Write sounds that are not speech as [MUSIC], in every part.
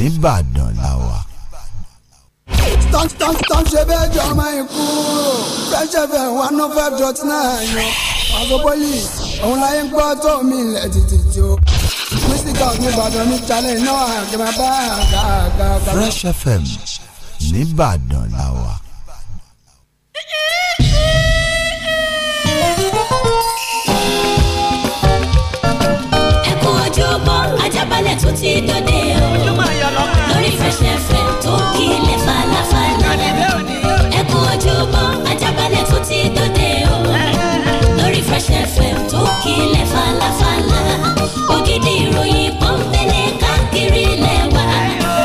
nìbàdàn la wà. tọ́ntọ́ntọ́n ṣe bẹ́ẹ̀ jọ ọmọ ikú Fresh FM one oh five dot nine Paso Police òun láyé ń gbọ́ tó mi ilẹ̀ títí tí ó. mísíkà òní ìbàdàn ní challenge náà àgbà bá àgbà àgbà. Fresh FM nìbàdàn la wà. ẹ kú ojúbọ Ajaabale tó ti dọ. Fresh FM tó kílẹ̀ falafala. ẹ kú ojúbọ Ajaabale tó ti dòde o lórí Fresh FM tó kílẹ̀ falafala. ògidì ìròyìn pọ́npẹ́lẹ́ káàkiri lẹ́wà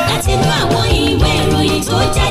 látinú àwọn ìwé ìròyìn tó jáde.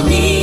你。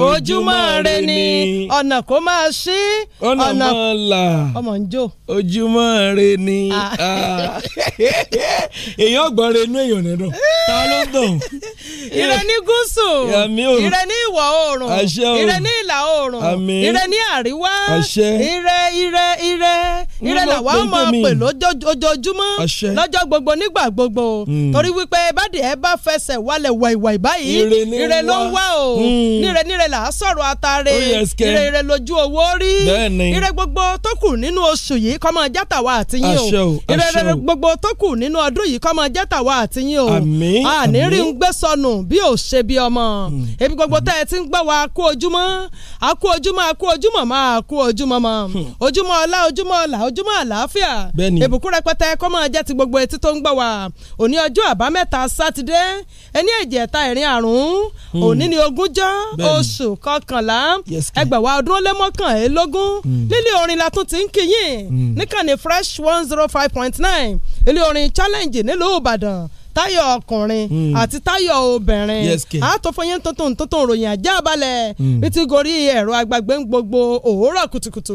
Ô, ojúmọ́ re ni ọ̀nà kó máa ṣí ọ̀nà máa là ọmọ ń jó ojúmọ́ re ni ah. Ah. [LAUGHS] èèyàn gbọ́n re inú èèyàn nínú ta ló ń dùn. [LAUGHS] ire ní gúúsù ire ní ìwọ̀ oòrùn ire ní ìlà oòrùn ire ní àríwá ire ire ire ire làwa máa pè lójoojúmọ́ lọ́jọ́ gbogbo nígbà gbogbo hmm. torí wípé bá dìé bá fẹsẹ̀ wálẹ̀ wàìwàì báyìí ire ló ń wá o hmm. níre níre là á sọ̀rọ̀ àtàrẹ oh, ire ire lójú owó rí ire gbogbo tó kù nínú oṣù yìí kó máa jẹ́ tàwa àtìyín o ire ire gbogbo tó kù nínú ọdún yìí kó máa jẹ́ tàwa àtìyín o àní rí ń gbé sọnù bí ò ṣe bí ọmọ ebi hmm. gbogbo tẹ́ ẹ ti ń gbọ́ wa kú ojúmọ́ a kú ojúmọ́ a kú ojúmọ́ máa kú ojúmọ́ mọ́ hmm. ojúmọ́ ọlá ojúmọ́ ọlà ojúmọ́ àlàáfíà ìbùkún rẹpẹtẹ kó máa jẹ́ ti gbogbo etí tó ń gbọ́ wa òní ọjọ́ àbámẹ́ta sátidé ẹni ẹ̀jẹ̀ ta ẹ̀rin àrùn hmm. òní ni ogúnjọ́ oṣù kọkànlá ẹgbẹ̀wá ọdún ó lé mọ́kànlélógún nílé mm. orin la tún ti ń kíyìn mm. níkànnì fresh one zero five point nine ilé orin challenge nílùú ìbàdàn táyọ̀ ọkùnrin hmm. àti táyọ̀ obìnrin àtòfọyín tuntun tuntun ròyìn ajá balẹ̀ títí hmm. gorí ẹ̀rọ agbàgbé ń gbogbo òwúrọ̀ kùtùkùtù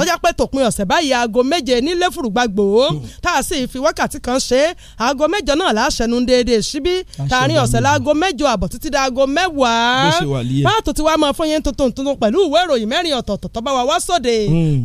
ọjà pé tòpin ọ̀sẹ̀ báyìí aago méje nílé fùrùgbàgbò hmm. tá a sì fi wákàtí kan ṣe aago mẹ́jọ náà láṣẹnu déédéé síbí tààrin ọ̀sẹ̀ láago mẹ́jọ àbọ̀ títí da aago mẹ́wàá báàtò tí wàá máa fọyín tuntun tuntun pẹ̀lú ìwé ìròyìn mẹ́rin ọ̀tọ̀ọ̀tọ̀ tó wa wá sóde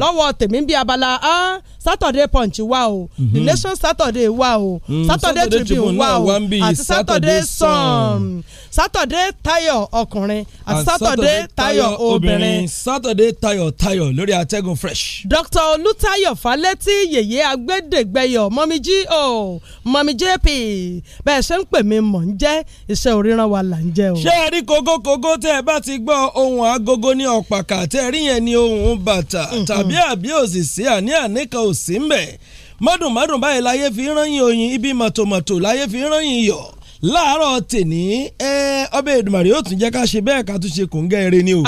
lọ́wọ́ tèmi bíi abala a Saturday Punch wà o The mhm. Nation Saturday wà o mm, Saturday Tribune wà o àti Saturday Sun Saturday Tayo ọkùnrin àti Saturday Tayo obìnrin. Saturday Tayo Tayo lórí atẹ́gùn fresh. Dr Olútáyọ̀ Fálétí yèyé agbẹ́dẹ̀gbẹ́yọ̀ mọ́mí g o mọ́mí jp bẹ́ẹ̀ ṣe ń pè mí mọ̀ ń jẹ́ iṣẹ́ oríran wa là ń jẹ́ o. ṣé ẹ rí kókókókó tẹ́ ẹ bá ti gbọ́ ohun agogo ní ọ̀pàkà tẹ́ ẹ rí yẹn ní ohun bàtà tàbí àbí òsì sí àní àníkan sí ń bẹ̀ báyìí láyé fi rányìn oyin ibi mọ̀tòmọ̀tò láyé fi rányìn yọ̀ láàárọ̀ tèní ẹ ọbẹ̀ Èdùmàrè yóò tún jẹ́ ká ṣe bẹ́ẹ̀ ká tún ṣe kòńgẹ́ eré ni o.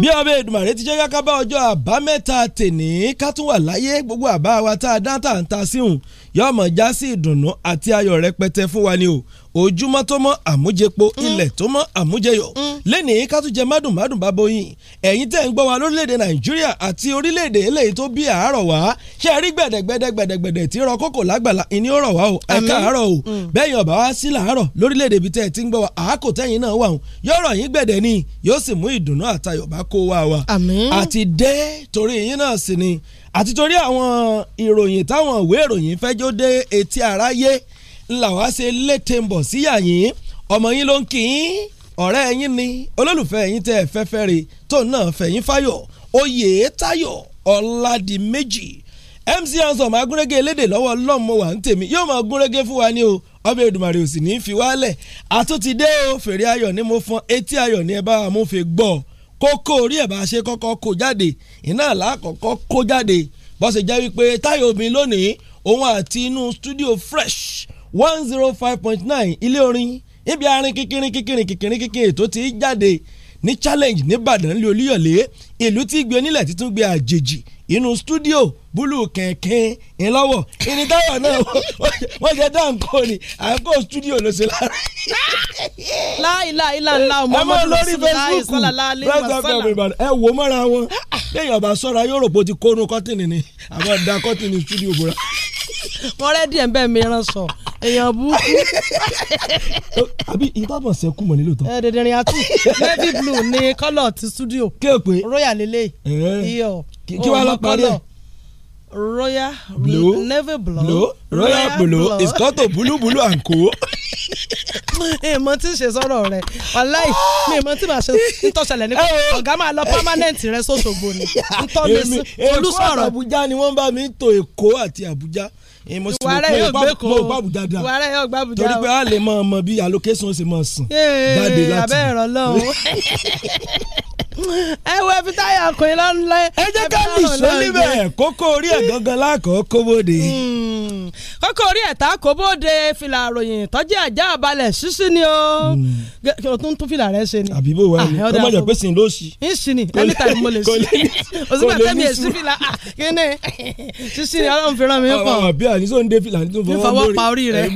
bí ọbẹ̀ Èdùmàrè ti jẹ́ ká bá ọjọ́ àbámẹ́ta tèní ká tún wà láyé gbogbo àbá wa tá a dá tá ń ta síhùn yóò mọ̀ já ìdùnnú àti ayọ̀ rẹpẹtẹ fún wa ni o ojúmọ́ tó mọ́ àmújẹpo mm. ilẹ̀ tó mọ́ àmújẹyọ̀ mm. lẹ́ni ká tún jẹ mádùnmádùn bá bóyin ẹ̀yin tẹ́ ń gbọ́ wa lórílẹ̀‐èdè nàìjíríà àti orílẹ̀‐èdè eléyìí tó bí àárọ̀ wá ṣé ẹ rí gbẹ̀dẹ̀gbẹ̀dẹ̀ tí rọ kókò lágbàlá ìní ọ̀rọ̀ wa o ẹ̀ka àárọ̀ o mm. bẹ́yìn ọ̀bá wa sí làárọ̀ lórílẹ̀‐èdè ibi tẹ́ ẹ ti ń gbọ́ wa àákò tẹ́yìn náà wà o yóò rọ̀ yín gbẹ̀dẹ̀ ni yóò sì mú ìdùnnú àtayọ̀ bá kó wa wa àti dé torí yín náà sì ni àti torí àwọn ìròyìn táwọn ìwé ìròyìn fẹ́ jó dé etí aráyé ńlá wá ṣe létè ń bọ̀ síyà yín ọmọ yín ló ń kí yín ọ̀rẹ́ yín ni olólùfẹ́ yín tẹ́ fẹ́fẹ́ re tóun náà fẹ̀yìn fáyọ̀ oyè táyọ̀ ọ̀làdìmẹ́jì mc ansom agúnrégé elédè lọ́wọ́ lọ́mọ wà ń tèmi yóò máa gúnrégé fún wa ni o ọbẹ̀ Èdùmàrè ò sì ní í fi wálẹ̀ àtúntìdé o fèrè ayọ̀ ni mo fọn etí ayọ̀ ni ẹ bá amúfẹ́ gbọ́ kókó orí ẹ̀ bá ṣe kọ́kọ́ kó jáde iná làákọ́kọ́ kó jáde bó jẹ́ wípé táyọ̀ obìnrin lónìí òun àti inú studio fresh one zero five point nine ilé orin ibi arin kíkìrín kíkìrín kíkìrín kíkìrín tó ti jáde ní challenge nìbàdàn lé olúyọ̀lé ìlú tí gbé onílẹ̀ títún gbé àjèjì inú studio búlù kẹ̀kẹ́ ńlọ́wọ̀ ìnìtayọ̀ náà wọ́n jẹ́ dáńkò ni àńkò studio ló ṣe lára. láìláìlá ńlá ọmọ ọmọ lórí Facebook ẹ wò mọ́ra wọn lẹ́yìn ọba sọ́ra yóò rò pé ó ti kónú kọ́tìnì ni àwọn ọ̀dà kọ́tìnì studio bora wọ́n rẹ́dí ẹ̀ ń bẹ́ mi rán sọ èèyàn burúkú. àbí ìtàbọ̀ sẹ́kù mọ̀ nílò tán. dèdèrìn àtú navy blue ni kọ́lọ̀ ti studio royal lele iyọ̀ kí wàá lọ parí ẹ̀ royal blue navy blue, blue royal blue ìsìkọ́tò búlú búlú à ń Ee. èèmọ tí ń ṣe sọ̀rọ̀ rẹ̀ wàláì mi èèmọ tí màá ṣe ń tọ́ṣẹlẹ̀ nípa [LAUGHS] ọ̀gá máa lọ permanent rẹ̀ sóṣogbo ni ń [LAUGHS] tọ́ mi sí olùsọ̀rọ̀. èkó àti àbújá ni wọ́n bá mi ń to èkó àti àbújá. Eh, mo sì mọ̀ pé mo gbà bù dáadáa torí pé a lè mọ ọmọ bí allocation ṣe mọ sùn jáde láti. abẹ́ ẹ̀rọ lọ́wọ́ [LAUGHS] ẹ wo ẹfi táyà ọkùnrin lọ ńlẹ. ẹ jẹ́ ká nìṣó níbẹ̀ kókó orí ẹ̀ gangan lákòó kóbóde. Hmm. kókó orí ẹ̀ tá kóbóde fìlà àròyìn tọ́jú àjà àbálẹ̀ ṣíṣí ni o. Hmm. o tún tún fìlà rẹ ṣe ni. àbí bò wá ah, ni ó má jẹ́ pé sin ló ṣí. n ṣì ní anytime mo lè ṣí. òsínbà fẹ́mi èsì fìlà ah, kíni [LAUGHS] ṣíṣí ni ọlọ́run fi ràn mí pọ̀. ọ̀rọ̀ bí àníṣó ń dé fìlà ní tó fọwọ́ pa orí rẹ̀.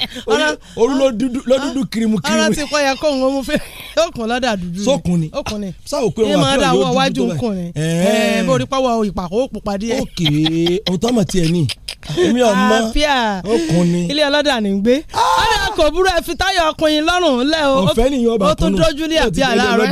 [LAUGHS] orú ló dúdú kirimu kirimu. ara ti kọ́ yẹ kó ń wọ́n mú fẹ́ okùn lọ́dà dúdú. sókun ni okùn ni sáwò pé wọn àti ọjọ́ wájú nkùn ni ẹ bó rí pàwọ́ ìpàkó pupa díẹ̀. ok òótọ́ mọ̀ tiẹ̀ ni èmi ọmọ okùn ni. ilé ọlọ́dà ni gbé. Ah! ọ̀dà kò burú ẹ fi táyà ọkùnrin lọ́rùn lẹ́ o. ọ̀fẹ́ nìyẹn ọba kunu ó tún dójú ní àbí àlá rẹ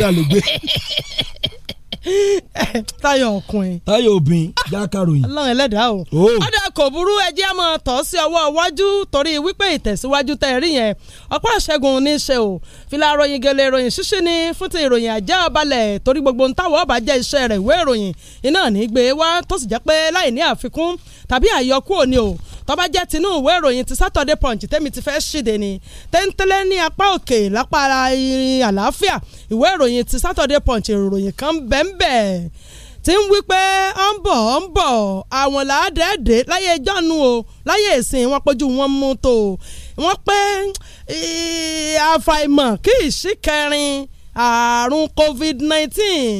táyọ̀ ọkùnrin. táyọ̀ obìnrin jákàròyìn. ọlọ́run ẹlẹ́dàá o. Oh. ọ̀dà kò burú ẹjẹ́ àmọ́ tọ́ sí ọwọ́ iwájú torí wípé ìtẹ̀síwájú tẹ́ ẹ rí yẹn ọ̀pọ̀ àṣẹgun ní í ṣe o. fìlà ròyìn gèlè ròyìn ṣíṣí ni fún ti ìròyìn àjẹ́ ọbalẹ̀ torí gbogbo ń táwọ̀ ọba jẹ́ iṣẹ́ rẹ̀ ìwé ìròyìn iná ní gbé wá tó sì jẹ́ pé láì ní àfikún tàbí àyọkúrò ni o tó bá jẹ́ tinú ìwé ìròyìn ti Saturday Punch tẹ́mi ti fẹ́ ṣìde ni téńtélé ní apá òkè lápá irin àlàáfíà ìwé ìròyìn ti Saturday Punch ìròyìn kan bẹ́ẹ̀nbẹ́ẹ̀ ti ń wí pé ó ń bọ̀ ó ń bọ̀ àwọn làádẹ́ẹ̀dẹ́ láyé ìjọ́nu o láyé ìsìn wọn pójú wọn mú tó wọn pé àfàìmọ̀ kì í sí kẹrin ààrùn covid nineteen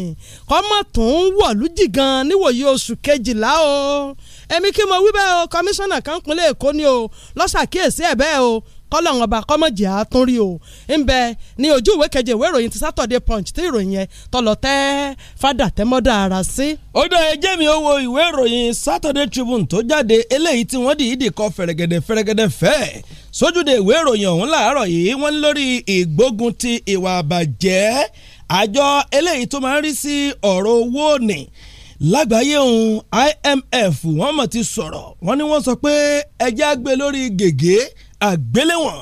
kọ́mọ̀ tó ń wọ̀lú jì gan níwòye oṣù kejìlá o èmi kí mo wí bẹ́ẹ̀ o kọmíṣánná kan pínlẹ̀ èkó ni o lọ́sàkíyèsí ẹ̀ bẹ́ẹ̀ o kọ́lọ́hún ọba kọ́mọ̀jì àtúnrí o ń ní ojú ìwé keje ìwé ìròyìn ti Saturday Punch tí ìròyìn yẹn tọlọ tẹ́ fada tẹ́mọ́dá ara sí. ó dá ẹjẹ́ mi ó wo ìwé ìròyìn Saturday Tribune tó jáde eléyìí tí wọ́n dìídì kọ fẹ̀rẹ̀gẹ̀dẹ̀ fẹ̀rẹ̀gẹ̀dẹ̀ fẹ́ sójúde ìwé ìròyìn ọ̀hún láàárọ̀ yìí wọ́n ní lórí ìgbógun ti ìwà àbàjẹ́ àjọ eléyìí tó máa ń rí sí ọ̀rọ̀ owó ni lágbàáyé òun IMF wọ́n mọ̀ ti sọ̀rọ̀ wọ́n ní wọ́n sọ pé ẹjẹ́ àgbẹ̀ lórí gègé àgbéléwọ̀n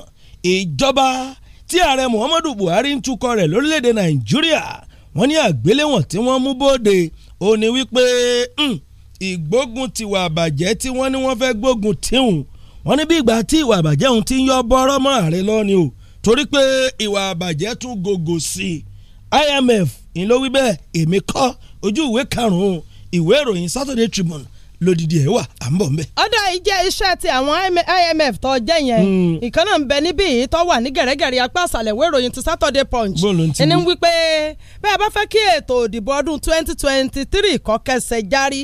ìjọba tí ààrẹ Muhammadu Buhari ń tukọ̀ rẹ̀ lórílẹ̀‐èdè Nàìjíríà wọ́n ní àgbéléwọ̀n tí wọ́n mú bóde ó ní wípé hmm, ìgbógun tiwa àbàjẹ́ tí wọ́n ní wọ́n fẹ́ gbógun tíhun wọ́n ní bí ìgbà tí ìwà àbàjẹ́ òun ti ń yọ bọ́rọ́ mọ́ ààrẹ lọ́ni o torí pé ìwà àbàjẹ́ tún gògò sí IMF ìlówí bẹ́ẹ̀ èmi kọ́ ojú ìwé karùn-ún ìwé ìròyìn Saturday Tribune lódìdí ẹ̀ wà à ń bọ̀ mbẹ́. ọ̀dà ìjẹ́ iṣẹ́ ti àwọn IMF tó jẹ́ yẹn hmm. ìkan náà ń bẹ níbí yìí tó wà ní gẹ̀rẹ́gẹ̀rẹ́ apá àṣàlẹ̀ ìwé ìròyìn ti Saturday Punch ẹni wípé bẹ́ẹ̀ bá fẹ́ kí ètò ìdìbò ọdún 2023 kó kẹsẹ̀ járí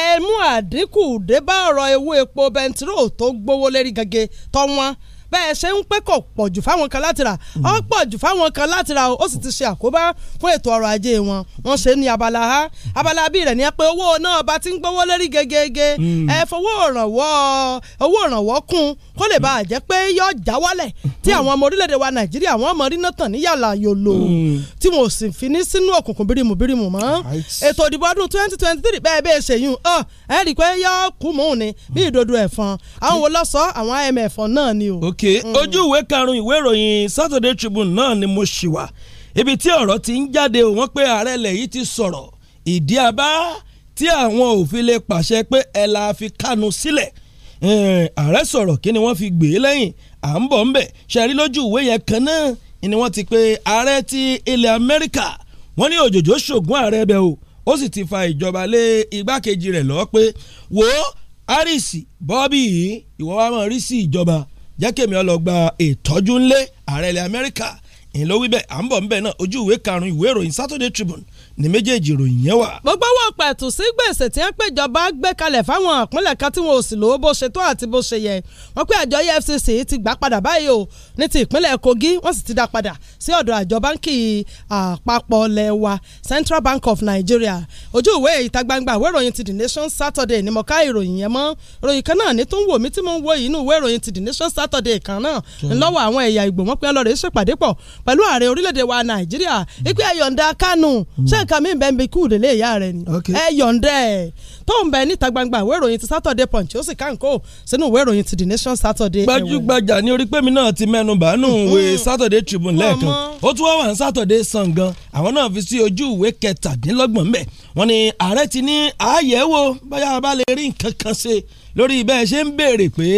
ẹ mú àdínkù débá ọ̀rọ̀ ewu epo bẹntiró tó gbówó lérí gẹ́gẹ́ tó wọ́n bẹ́ẹ̀ ṣe ń pé kò pọ̀ jù fáwọn kan láti rà ó hmm. pọ̀ jù fáwọn kan láti rà ó sì ti ṣe àkóbá fún ètò ọrọ̀ ajé wọn wọ́n ṣe ní abala ha abala bí rẹ̀ ní ẹ pé owó náà bá ti ń gbówó lórí gegege hmm. ẹ fowó ìrànwọ́ owó ìrànwọ́ kún kó lè bá a jẹ́ pé yọ já wálẹ̀ tí hmm. àwọn ọmọ orílẹ̀-èdè wa nàìjíríà wọ́n mọ rí náà tàn ní yàrá yòlò tí wọn ò sì fi ní sínú òkùnkùn bírímù bírímù mọ́ ètò ìdìbò ọdún twenty twenty three bẹ́ẹ̀ bẹ́ẹ̀ ṣèyún ọ ẹ rí i pé yọ kú mòún ni bí ìdodo ẹ̀fọn àwọn wo lọ sọ àwọn IMF náà ni o ok ojú ìwé karùn-ún ìwé ìròyìn Saturday Tribune náà ni mo ṣì wà ibi tí ọ̀rọ̀ ti ń jáde wọ́n pé ààrẹ ilẹ̀ yìí ti sọ̀rọ̀ ìdí abá tí àwọn òfin lè pàṣẹ pé ẹ la fi Kánú sílẹ̀ ààrẹ sọ̀rọ̀ kí ni wọ́n fi gbé e lẹ́yìn à ń bọ̀ ńbẹ̀ ṣàrí lójú ìwé yẹn kan náà ni wọ́n ti pé ààrẹ ti ilẹ̀ Amẹ́ríkà wọ́n ní òjòjò ṣògùn ààrẹ bẹ́ẹ̀ o ó sì ti fa ìjọba lé igbákejì rẹ̀ lọ́wọ́ pé wò ó Harris Bobby yìí ìwọ wa máa rí sí ìjọba jẹ́ kí èmi ọ lọ gba ìtọ́jú ńlé ààrẹ ilẹ̀ Amẹ́ríkà ìlówí bẹ́ẹ̀ à ń bọ̀ ńbẹ̀ náà ojú ìwé karùn-ún ìwé ìròyìn Saturday Tribune ní méjèèjì ìròyìn yẹn wà. gbogbo wọn pẹ̀tù sí gbèsè tí wọ́n péjọba gbé kalẹ̀ fáwọn ìpínlẹ̀ kan tí wọn ò sì lówó bó ṣe tó àti bó ṣe yẹ wọ́n pé àjọ EFCC ti gbà padà báyìí o ní ti ìpínlẹ̀ Kogi wọ́n sì ti dá padà sí ọ̀dọ̀ àjọ báńkì àpapọ̀ lẹ́wà Central Bank of Nigeria ojú ìwé ìta gbangba ìwé ìròyìn ti The Nation Saturday ni mo ká ìròyìn yẹn mọ́ ìròyìn kan náà ní tó ń wò mí tí mo ń wo inú ìwé ìròyìn ti The Nation Saturday kan náà ńlọ́wọ́ àwọn ẹ̀yà ìgbòmọ́pẹ́ ọlọ́rẹ̀ ṣèpàdé pọ̀ pẹ̀lú ààrẹ orílẹ̀-èdè wa Nàìjíríà ìpè ayọ̀ǹda Kánù ṣé nǹkan mi bẹ́ẹ̀ bí kúrò lè yá rẹ ni ẹ yọ̀ǹda tó ń bẹ níta gbangba ìwé ìròyìn ti Saturday Punch ó sì kánkó sínú ìwé ìròyìn ti The Nation Saturday. gbajúgbajà ní orí pẹ́mi náà ti mẹ́nu bàánù ìwé mm-hmm. Saturday Tribune lẹ́ẹ̀kan ó tún wá wà ní Saturday Sun gan àwọn náà fi sí ojú ìwé kẹtàdínlọ́gbọ̀n mbẹ̀ wọ́n ní ààrẹ ti ní àyẹ̀wò báyà bá lè rí nǹkan kan ṣe lórí bẹ́ẹ̀ ṣe ń béèrè pé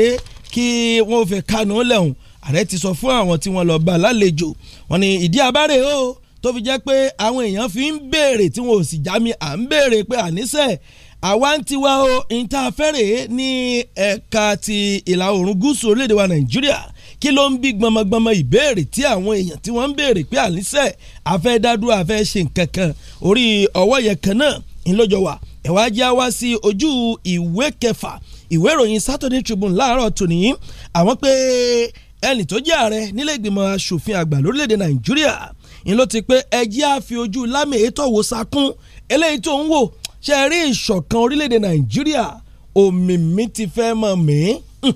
kí wọ́n fẹ́ kánú lẹ́hùn ààrẹ ti sọ fún àwọn tí wọ́n lọ bá lálejò wọ́n ní ìdí abáre o tó fi jẹ́ pé àwọn èèyàn fi ń béèrè tí wọn ò sì já mi à ń béèrè pé àníṣe àwa ń tiwa o ìntàfẹ́rẹ̀ ní ẹ̀ka ti ìlà oòrùn gúúsù orílẹ̀-èdè wa Nàìjíríà kí ló ń bí gbọmọgbọmọ ìbéèrè tí àwọn èèyàn tí wọ́n ń béèrè pé àníṣe àfẹ́ dádúró àfẹ́ ṣe nǹkan kan orí ọwọ́ yẹn kan náà ńlọ́jọ́ wa ẹ̀wá jẹ́ sí ojú ìwé kẹfà ìwé ìròyìn Saturday Tribune láàárọ̀ tòní àwọn pé ẹnì tó jẹ́ ààrẹ nílẹ̀ ìgbìmọ̀ asòfin àgbà lórílẹ̀‐èdè Nàìjíríà ń ló ti pé ẹjẹ́ àfi ojú lámì ètò òwò sakún eléyìí tó ń wò ṣe rí ìṣọ̀kan orílẹ̀-èdè nàìjíríà òmìmí ti fẹ́ mọ̀ mí. Hmm.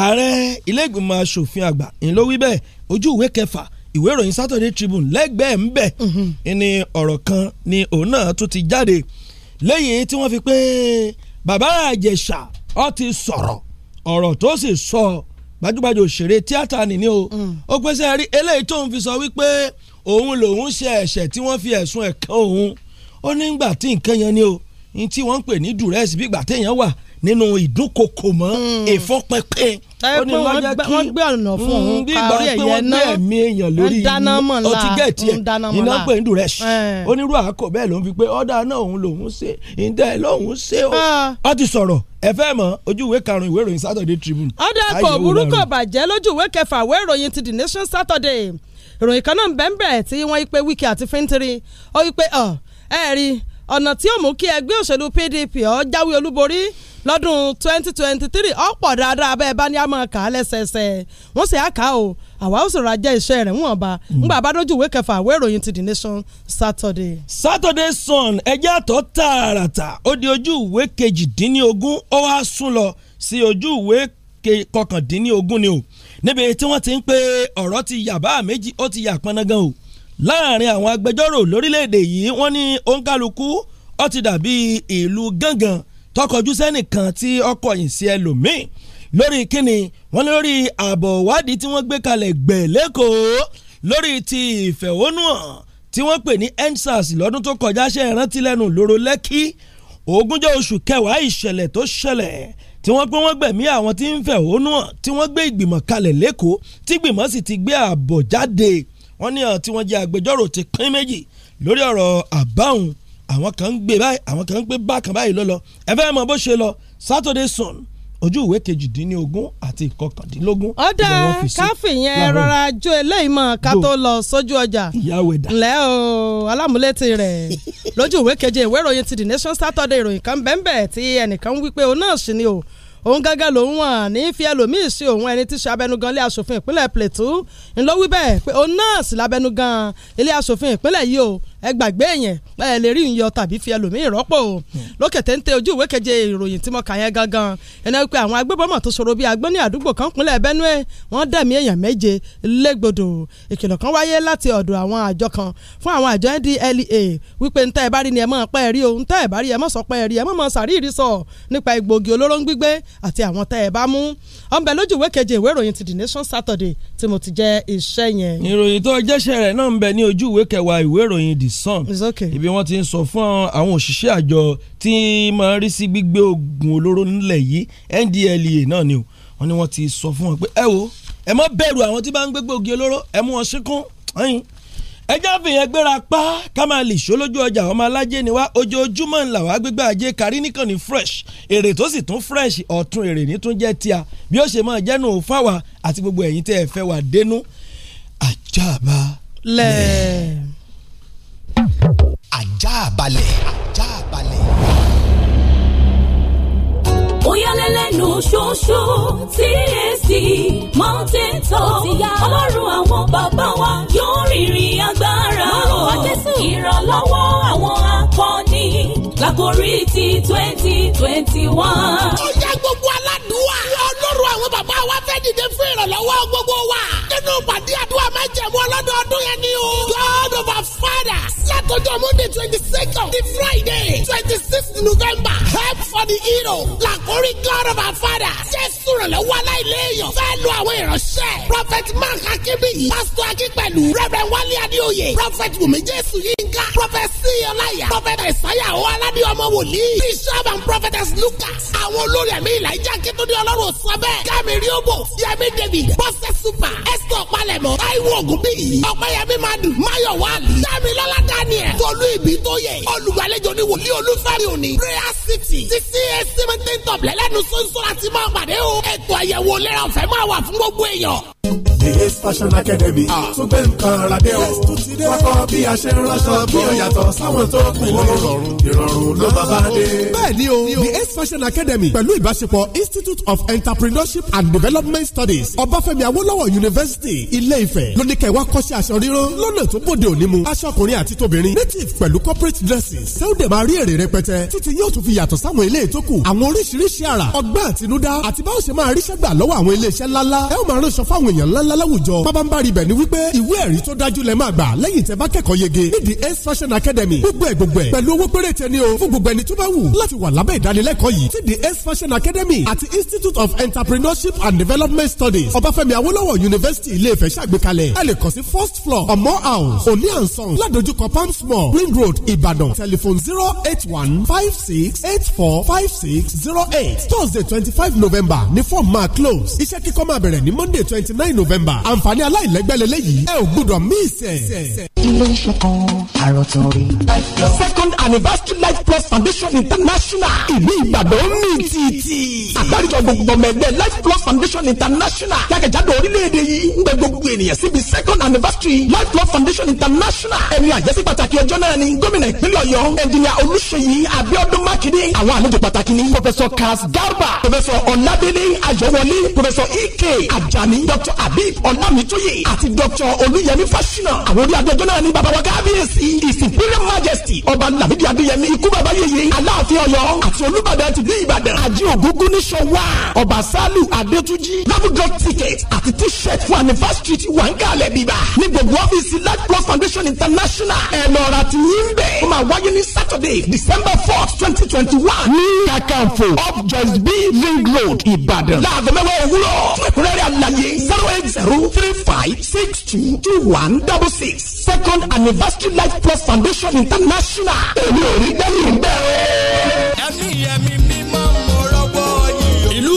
ààrẹ ilé-ìgbìmọ̀ asòfin àgbà ń ló wí bẹ́ẹ̀ ojú ìwé kẹfà ìwé ìròyìn Saturday Tribune lẹ́gbẹ̀ẹ́ ń bẹ̀ mhm. ni ọ̀rọ̀ kan ni òun náà tún ti jáde lẹ́yìn tí wọ́n fi pé bàbá àjẹsà ó ti sọ̀rọ̀ ọ̀rọ̀ tó sì sọ gbajúgbajà òṣèré tíátà nìní o mm. ó pèsè rí eléyìí tó ń fi sọ wípé òun lòun ṣe ẹ̀ṣẹ̀ tí wọ́n fi ẹ̀sùn ẹ̀ kan òun ó nígbà tí nǹkan yẹn ni o ní tí wọ́n ń pè ní dùrẹ́sì bí ìgbà téèyàn wà nínú ìdúnkokò mọ́ hmm. ìfọ́pẹ́pẹ́ ó ní wọ́n jẹ́ kí wọ́n gbé ọ̀nà fún òun hmm, kárí ẹ̀yẹ náà wọ́n gbé ẹ̀mí èèyàn lórí ó ti gẹ̀ iná pè ń dùrẹ́sì onírú àákò bẹ́ẹ̀ ló ń fi pé ọ̀dà náà òun lòun ṣe ìdá ẹ̀ lòun ṣe ó ti sọ̀rọ̀ ẹ fẹ́ mọ̀ ojú ìwé karùn-ún ìwé ìròyìn Saturday Tribune. ọ̀dà kò burúkú bàjẹ́ lójú ìwé kẹfà ìwé ìròyìn ti The Nation Saturday ìròyìn kan náà bẹ́ẹ̀nbẹ́ẹ̀ tí wọ́n yí pé Wike àti Fintiri ó yí pé ọ̀ ẹ rí ọ̀nà tí ó mú kí ẹgbẹ́ òṣèlú PDP ó jáwé olúborí lọ́dún 2023 ọ̀pọ̀ dáadáa bẹ́ẹ̀ bá ní a máa lẹ́sẹẹsẹ wọ́n sì á kà á o àwa ó sọ̀rọ̀ ajẹ́ iṣẹ́ rẹ̀ wọ́n bá ńgbà hmm. bá dójú ìwé kẹfà àwọn ìròyìn ti the nation saturday. saturday sun ẹjẹ́ àtọ̀ tààràtà ó di ojú ìwé kejìdínlógún ó wá sún lọ sí ojú ìwé kọkàndínlógún ni o. Si níbi tí wọ́n ti ń pe ọ̀rọ̀ ti yàbá méjì ó ti yà pọnagan o láàrin àwọn agbẹjọ́rò lórílẹ̀‐èdè yìí wọ́n ní òǹkàlùkù ó ti dàbí ìlú gángan tọkọjú sẹ́nìkan tí ọkọ̀ yìí sí ẹlòmíì lórí kíni wọ́n lórí ààbọ̀ ìwádìí tí wọ́n gbé kalẹ̀ gbẹ̀ lẹ́kọ̀ọ́ lórí ti ìfẹ̀hónúhàn tí wọ́n pè ní endsars lọ́dún tó kọjá ṣe ìrántí lẹ́nu lóró lẹ́kì ogúnjọ́ oṣù kẹwàá ìṣẹ̀lẹ̀ tó ṣẹlẹ̀ tí wọ́n pé wọ́n gbẹ̀mí àwọn tí ń fẹ̀hónú hàn tí wọ́n gbé ìgbìmọ̀ kalẹ̀ lẹ́kọ̀ọ́ tí ìgbìmọ̀ sì ti gbé àbọ̀ jáde wọ́n ní àwọn tí wọ́n jẹ́ agbẹjọ́rò ti pín méjì lórí ọ̀rọ̀ àbáhùn àwọn kan ń gbé báyìí àwọn kan ń gbé bákan báyìí lọ́lọ́ ẹ fẹ́ mọ bó ṣe lọ Saturday Sun ojú ìwé kejìdínlógún àti ìkọkàndínlógún. ọ̀dà káfí yẹn rọra jó eléyìí mọ̀ ká tó lọ sójú ọjà ńlẹ́ o alámúlétì rẹ̀ [LAUGHS] lójú ìwé keje ìwé ìròyìn ti The Nation Saturday ìròyìn kan bẹ́ẹ̀ bẹ́ẹ̀ tí ẹnìkan wípé òun náà sì ni o òun gángan lòun hàn ní fi ẹlòmíì sí òun ẹni tí ṣe abẹnugan ilé asòfin ìpínlẹ̀ Plateau ńlọ wí bẹ́ẹ̀ pé òun náà sì lábẹnugan ilé asòfin ìpínlẹ̀ yìí o ẹ gbàgbé yẹn ẹ lè rí ìyọ tàbí fi ẹlòmíì rọ́pò o lókè téńté ojú ìwé keje ìròyìn tí mo kà yẹn gangan ẹni pé àwọn agbébọn mọ̀ tó ṣòro bíi agbọ́n ní àdúgbò kan pínlẹ̀ Benue wọ́n dẹ̀mí èèyàn méje légbodò ìkìlọ̀ kan wáyé láti ọ̀dọ̀ àwọn àjọ kan fún àwọn àjọ NDLEA wípé ntẹ́ ẹ bá rí ni ẹ mọ̀ pẹ́ ẹ rí o ntẹ́ ẹ bá rí ẹ mọ̀ sọ ẹ rí ẹ mọ̀ mọ̀ sàríìrí sọ nípa egbògi olóró gbígbé àti àwọn tẹ́ ẹ bá mú ọ̀nbẹ lójú ìwé keje ìwé ìròyìn ti The Nation Saturday tí mo ti jẹ́ iṣẹ́ yẹn. ìròyìn tó jẹ́sẹ̀ rẹ̀ náà ń bẹ ní ojú ìwé kẹwàá ìwé ìròyìn The sàn ibi wọ́n ti ń sọ fún àwọn òṣìṣẹ́ àjọ tí máa ń rí sí gbígbé oògùn olóró nílẹ̀ yìí NDLEA náà ni o wọ́n ní wọ́n ti sọ fún wọn pé ẹ wo ẹ má bẹ̀rù àwọn tí bá ń gbégbé oògùn olóró ẹ mú wọn síkún ẹ̀yìn ẹjẹ́ fìyẹn gbéra pa ká máa lè ṣó lójú ọjà ọmọ alájẹ ni wá ojoojúmọ́ ńlá wá gbégbá ajé kárí nìkan ní fresh èrè tó sì tún fresh ọ̀tún èrè ní tún jẹ́ tíya bí ó ṣe máa jẹ́nu fáwa àti gbogbo ẹ̀yin tẹ́ ẹ fẹ́ wà dénú àjàbá lẹ́ẹ̀ ajá balẹ̀ ajá balẹ̀. Oyalelenu ṣoṣo TSC Mountain Top Ọlọ́run àwọn bàbá wa yóò rìnrìn agbára o. Ìrànlọ́wọ́ àwọn akọni lágorí ti twenty twenty one. Ó yá gbogbo aládùúwà. Ọlọ́run àwọn bàbá wa fẹ́ dìde fún ìrànlọ́wọ́ gbogbo wa. Nínú pàdé àdúrà májẹ̀mú ọlọ́dọọdún yẹn ni o of our Father, Saturday monday twenty second the friday 26th november help for the hero glory, god of our Father. Jesus, fathers jésù rànlọ́wọ́ aláìléèyàn fẹ́ lu àwọn ìránṣẹ́ prophet mark akínbíyì pastor akínpẹ̀lú reverend wálé adéoyè prophet bùnmi jésù yínká prophet síyọláyà prophet ẹ̀sáyà ọ̀ aládé ọmọ wòlíì bishop and prophetess lucas àwọn olórí ẹ̀mí ìlà ìjà kíntúndé ọlọ́run sọ bẹ́ẹ̀ kẹ́mi riobo yẹmi david Pastor super esther palẹ̀mọ́ táíwò ògùnbíyì ọ̀pẹ̀yẹmí madu máyọ̀wọ́ wáàlì. dámilọ́lá daniel tọ́lú ibi tó yẹ. olùgbàlejò ni wòlíì olúfẹ́rin òní. prayer city ti CAC maintain top lẹ́lẹ́nu sọ́nsọ́ láti máa pàdé o. ètò àyẹ̀wò lẹ́rọ̀ ọ̀fẹ́ máa wà fún gbogbo èèyàn. The Ace Fashion Academy ah. tún gbé nǹkan ara dé o. Wákọ̀ bí a ṣe ń ránṣọ bí ó sáwọn tó kù ó rọrùn ìrọ̀rùn ló bá bá dé. Bẹ́ẹ̀ni o, The Ace Fashion Academy pẹ̀lú ìbáṣepọ̀ Institute of Entrepreneurship and Development Studies Ọbáfẹ́mi Awólọ́wọ̀ University Ilé-Ifẹ̀ lóníkẹ́ kọ́ṣẹ́ aṣọ ríro lọ́nà tó bòde òní ní mu aṣọ ọkùnrin àti tóbìnrin native pẹ̀lú corporate dresses sẹ́wọ́dẹ̀ máa rí èrè rẹpẹtẹ títí yóò tún fi yàtọ̀ sáwọn ilé ètò kù àwọn oríṣiríṣi àrà ọgbẹ́ àtinúdá àti báwo ṣe máa ríṣẹ́ gbà lọ́wọ́ àwọn iléeṣẹ́ ńláńlá ẹ ó máa ránṣọ fáwọn èèyàn ńláńlá láwùjọ pábánbárì bẹ̀ ni wípé ìwé ẹ̀rí tó dájú lẹ máa gbà lẹ́yìn tẹ bá kẹ́kọ̀ọ́ yege ní the ace fashion academy gbogbo ẹ̀ gbogbo ẹ̀ ni o fún gbogbo ẹni tó bá wù láti wà lábẹ́ ìdánilẹ́kọ̀ọ́ the ace fashion academy àti institute of entrepreneurship and development studies ọbáfẹ́mi awólọ́wọ̀ university ilé-ifẹ̀ ṣàgbékalẹ̀ ẹ lè first floor ọmọ house òní Ayọ̀adé and Sons ládojúkọ Palms Mall Ring Road Ibadan. telephone zero eight one five six eight four five six zero eight Thursday twenty five November ní form ma close iṣẹ́ kíkọ́ máa bẹ̀rẹ̀ ní Monday twenty nine November àǹfààní aláìlẹ́gbẹ́lẹ́ lẹ́yìn ẹ ò gbọ́dọ̀ mí ìsẹ̀. ilé iṣẹ́ kan àròtún rí. second anniversary life plus foundation international ìlú Ìbàdàn ní títì. àgbáríjọ gbogbo mẹ́gbẹ́ life plus foundation international jákèjádò orílẹ̀-èdè yìí ń gbẹ gbogbo ènìyàn síbi second anniversary life plus foundation international national ẹni àjẹsí pàtàkì ọjọ́ náà ni gómìnà ìpínlẹ̀ ọ̀yọ́ ẹnjìnìà olùṣèyí abiodun makinde àwọn àlejò pàtàkì ni professor kaz garba professor ọ̀nàdélé ayọ̀wọlé professor ike ajani doctor abib ọ̀nàmítúyè àti doctor olùyẹmí fásinà àwọn orí adé ọjọ́ náà ni bàbá wa kábíyèsí his imperial majesty ọba nàbídì adéyẹmí ikú bàbá yèyé aláàfin ọ̀yọ́ àti olúbàdàn ti bí ìbàdàn àjẹ ògúngún ní sọwá ọba sálù adétúnjì lábùdọ̀ ticket àti t-shirt fún anniversary ti wà ń kalẹ̀ bíbá ní gbogbo ọ́fíìsì light plus Foundation International ẹ lọ ra ti yín bẹ́ẹ̀. ó máa wáyé ní Saturday December fourth twenty twenty one. ní Kakanfo of just be ring road Ìbàdàn. láàgọ́ mẹ́wàá òwúrọ̀ ẹ̀kúnrẹ́rẹ́ àlàyé zero eight zero three five six two two one double six second anniversary life plus foundation international. èmi ò rí dẹ́nu bẹ́ẹ̀. ẹ̀mí yẹmi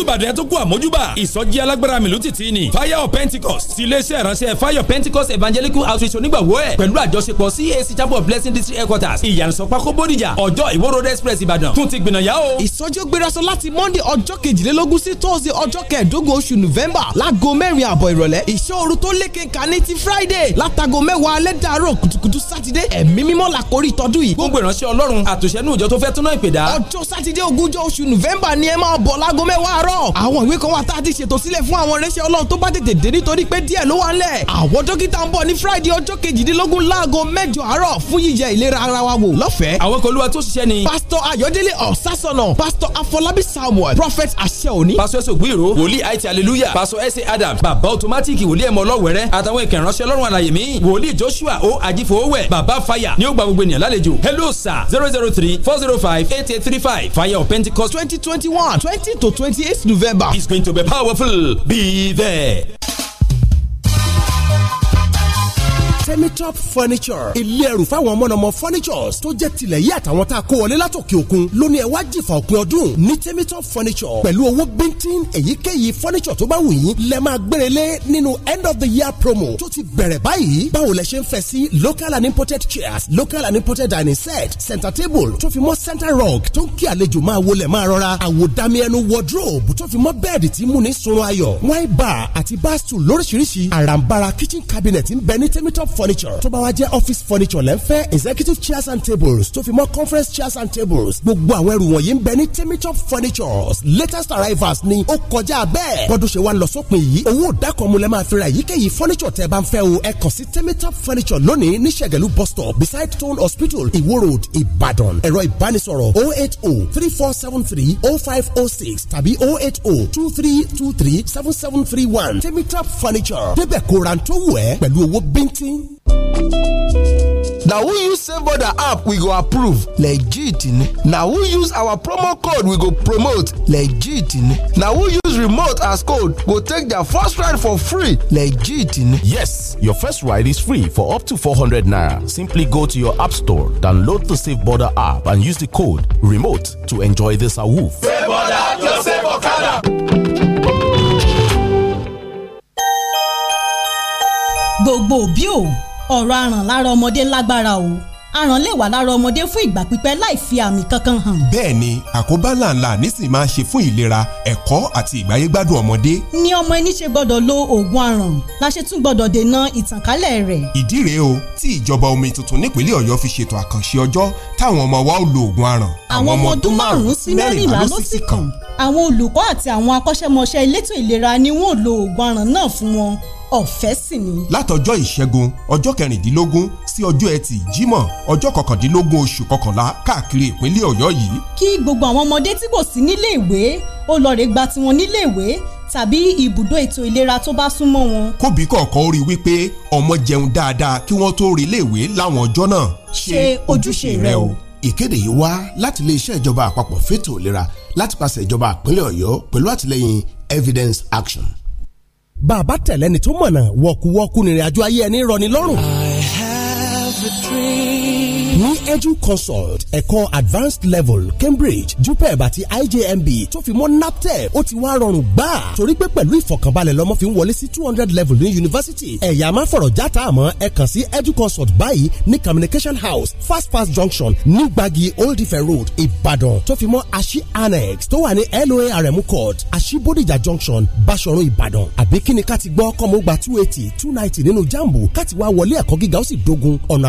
nìbàdàn tó kú àmójúbà ìsọjí alágbára mi ló ti ni fire of pentecost ti iléeṣẹ́ ìránṣẹ́ fire pentecost evangelical outreach onígbàwọ́ ẹ̀ pẹ̀lú àjọṣepọ̀ cac chapel of blessing district headquarters ìyànsọ́pákó bódìjà ọjọ́ ìwó road express ìbàdàn tún ti gbìnàyà o. ìsọjí ó gbéraṣọ láti monday ọjọ́ kejìlélógún sí tuesday ọjọ́ kẹẹ̀ẹ́dógún oṣù november láago mẹ́rin àbọ̀ ìrọ̀lẹ́ ìṣòro tó lékenkà ní ti friday látago mẹ́wàá alẹ́ dàárọ̀ kùtùkùtù sátidé ẹ̀mí mímọ́ làkórí tọdún yìí. gbogbo ìránṣẹ́ ọlọ́run àtòṣẹ́nu ìjọ tó fẹ́ túná ìpèdà. ọjọ́ sátidé ogúnjọ́ oṣù november ni ẹ máa bọ̀ láago mẹ́wàá àárọ̀ pọ̀ àwọn ìwé kan wà tá a ti ṣètò sílẹ̀ fún àwọn ìránṣẹ́ ọlọ́run tó bá tètè dé nítorí pé díẹ̀ ló wà ńlẹ̀ àwọn dókítà ń bọ̀ ní friday ọjọ́ kejìdínlógún láago mẹ́jọ àárọ̀ fún yíyẹ ìlera ara wa wò lọ́fẹ̀ẹ́ àwọn kan olúwa tó ṣiṣẹ́ ni pásítọ̀ ayọ̀délé ọ̀sásọ̀nà pásítọ̀ afọlábí samuel prophet àṣẹòní pásítọ̀ ẹ̀sọ̀ gbìrò wòlíì àìtì hallelujah pásítọ̀ ẹ̀sẹ̀ adam bàbá automatic wòlíì ẹ̀mọ́ ọlọ́wẹ̀rẹ́ àtàwọn ìkẹrànṣẹ́ ọlọ́run àlàyé mi wòlíì joshua o àjífowówẹ̀ bàbá fire ni ó gba gbogbo ènìyàn lálejò hello sir zero zero three four zero five eight eight three five fire of pentecost twenty twenty one twenty to twenty eight November. It's going to be powerful. Be there. Femitop furniture ilé ẹrù fáwọn ọmọnàmọ furnitures tó jẹ́ tilẹ̀ yí àtàwọn tá a kó wọlé látòkè òkun lónìí ẹ jìfà òpin ọdún ní Temitop furniture pẹ̀lú owó bíntín èyíkéyìí furniture tó bá wù yín lẹ máa gbérelé nínú end of the year promo tó ti bẹ̀rẹ̀ báyìí báwo lẹ ṣe ń fẹ́ sí local and imported chairs local and imported dining set center table tó fi mọ́ center rug tó ń kí àlejò máa wọlé máa rọra àwòdámi ẹnu wardrobe tó fi mọ́ bẹ́ẹ̀dì tí múni sunrun ayọ̀ wine bar àti bar stool lóríṣiríṣi àràǹbarà kitchen cabinet ń bẹ ní Temitop furniture tó bá wá jẹ́ office furniture lẹ́fẹ́ executive chairs and tables tó fi mọ́ conference chairs and tables gbogbo àwọn ẹrù wọ̀nyí ń bẹ ní temitop furnitures latest arrivals ni ó kọjá bẹ́ẹ̀ bọ́dún ṣe wá lọ sópin yìí owó ìdákọ̀mulẹ̀ máa fi ra èyíkéyìí furniture tẹ́ bá ń fẹ́ o ẹ kàn sí temitop furniture lónìí ní sẹ̀gẹ̀lú bus stop beside town hospital iwo road ìbàdàn ẹ̀rọ ìbánisọ̀rọ̀ 08034730506 tàbí 08023237731 temitop furniture débẹ̀ kóra tó wù ẹ́ pẹ̀lú owó bíntín. na who use save border app we go approve legit ni na who use our promo code we go promote legit ni na who use remote as code go take their first ride for free legit ni. yes your first ride is free for up to 400 naira simply go to your app store download the save border app and use the code remote to enjoy this awoof. save border your save okada. gbogbo òbí o ọ̀rọ̀ aràn lára ọmọdé lágbára o aràn lè wà lára ọmọdé fún ìgbà pípẹ́ láì fi àmì kankan hàn. bẹ́ẹ̀ni àkóbá làǹlà nísìnyí máa ṣe fún ìlera ẹ̀kọ́ àti ìgbáyégbádùn ọmọdé. ni ọmọ ẹni ṣe gbọ́dọ̀ lo oògùn aràn la ṣe tún gbọ́dọ̀ dènà ìtànkálẹ̀ rẹ̀. ìdí rèé o tí ìjọba omi tuntun nípínlẹ̀ Ọ̀yọ́ fi ṣètò àkànṣe ọjọ́ táwọn ọmọ wa ó lo oògùn aràn. àwọn ọmọ ọdún márùn-ún sí mẹ́rìnlá ló sì kàn àwọn olùkọ́ àti àwọn akọ́ṣẹ́mọṣẹ́ elétò ìlera ni wọ́n lo oògùn aràn náà fún wọn ọ̀fẹ́ sì ni. látọjọ́ ìṣẹ́gun ọjọ́ kẹrìndínlógún sí ọjọ́ ẹtì jímọ̀ ọjọ́ kọkàndínlógún oṣù kọkànlá káàkiri ìpínlẹ̀ ọ̀yọ́ yìí. kí gbogbo àwọn ọmọdé tí kò sí nílé ìwé ó lọ rè gba tiwọn nílé ìwé tàbí ibùdó ètò ìlera tó bá súnmọ́ wọn. kóbì kọ̀ọ̀kan ó rí wípé ọmọ jẹun dáadáa kí wọ́n tó rí iléèwé láwọn ọjọ́ náà. ṣe ojúṣe rẹ o. ìkéde yìí wá láti iléeṣẹ́ ìjọba àpapọ̀ fẹ́tò ìlera láti pàṣẹ ìjọba ìpínlẹ̀ ọ̀yọ́ pẹ̀lú àtìlẹ́yìn evidence action bàbá tẹ̀lẹ́ni tó mọ̀nà wọ̀kúwọ́kú nírìn àjò ayé ẹni rọ̀ ní lọ́rùn ní edu consult ẹ̀kọ́ advanced level cambridge jupeb àti ijmb tó fi mọ́ naptep ó ti wá rọrùn gbà torí pé pẹ̀lú ìfọ̀kànbalẹ̀ lọ́mọ fi ń wọlé sí two hundred level ní yunifásitì ẹ̀yà máa fọ̀rọ̀ játa àmọ́ ẹ kàn sí edu consult báyìí ní communication house fast fast junction ní gbagi old ife road ìbàdàn tó fi mọ́ aṣí annex tó wà ní loarm court ashi bodija junction basọ̀run ìbàdàn àbí kíni ká ti gbọ́ kọ́mọ́gbà two eighty two ninety nínú jambu ká ti wá wọlé ẹ̀kọ́ gíga ó sì dogun ọ̀nà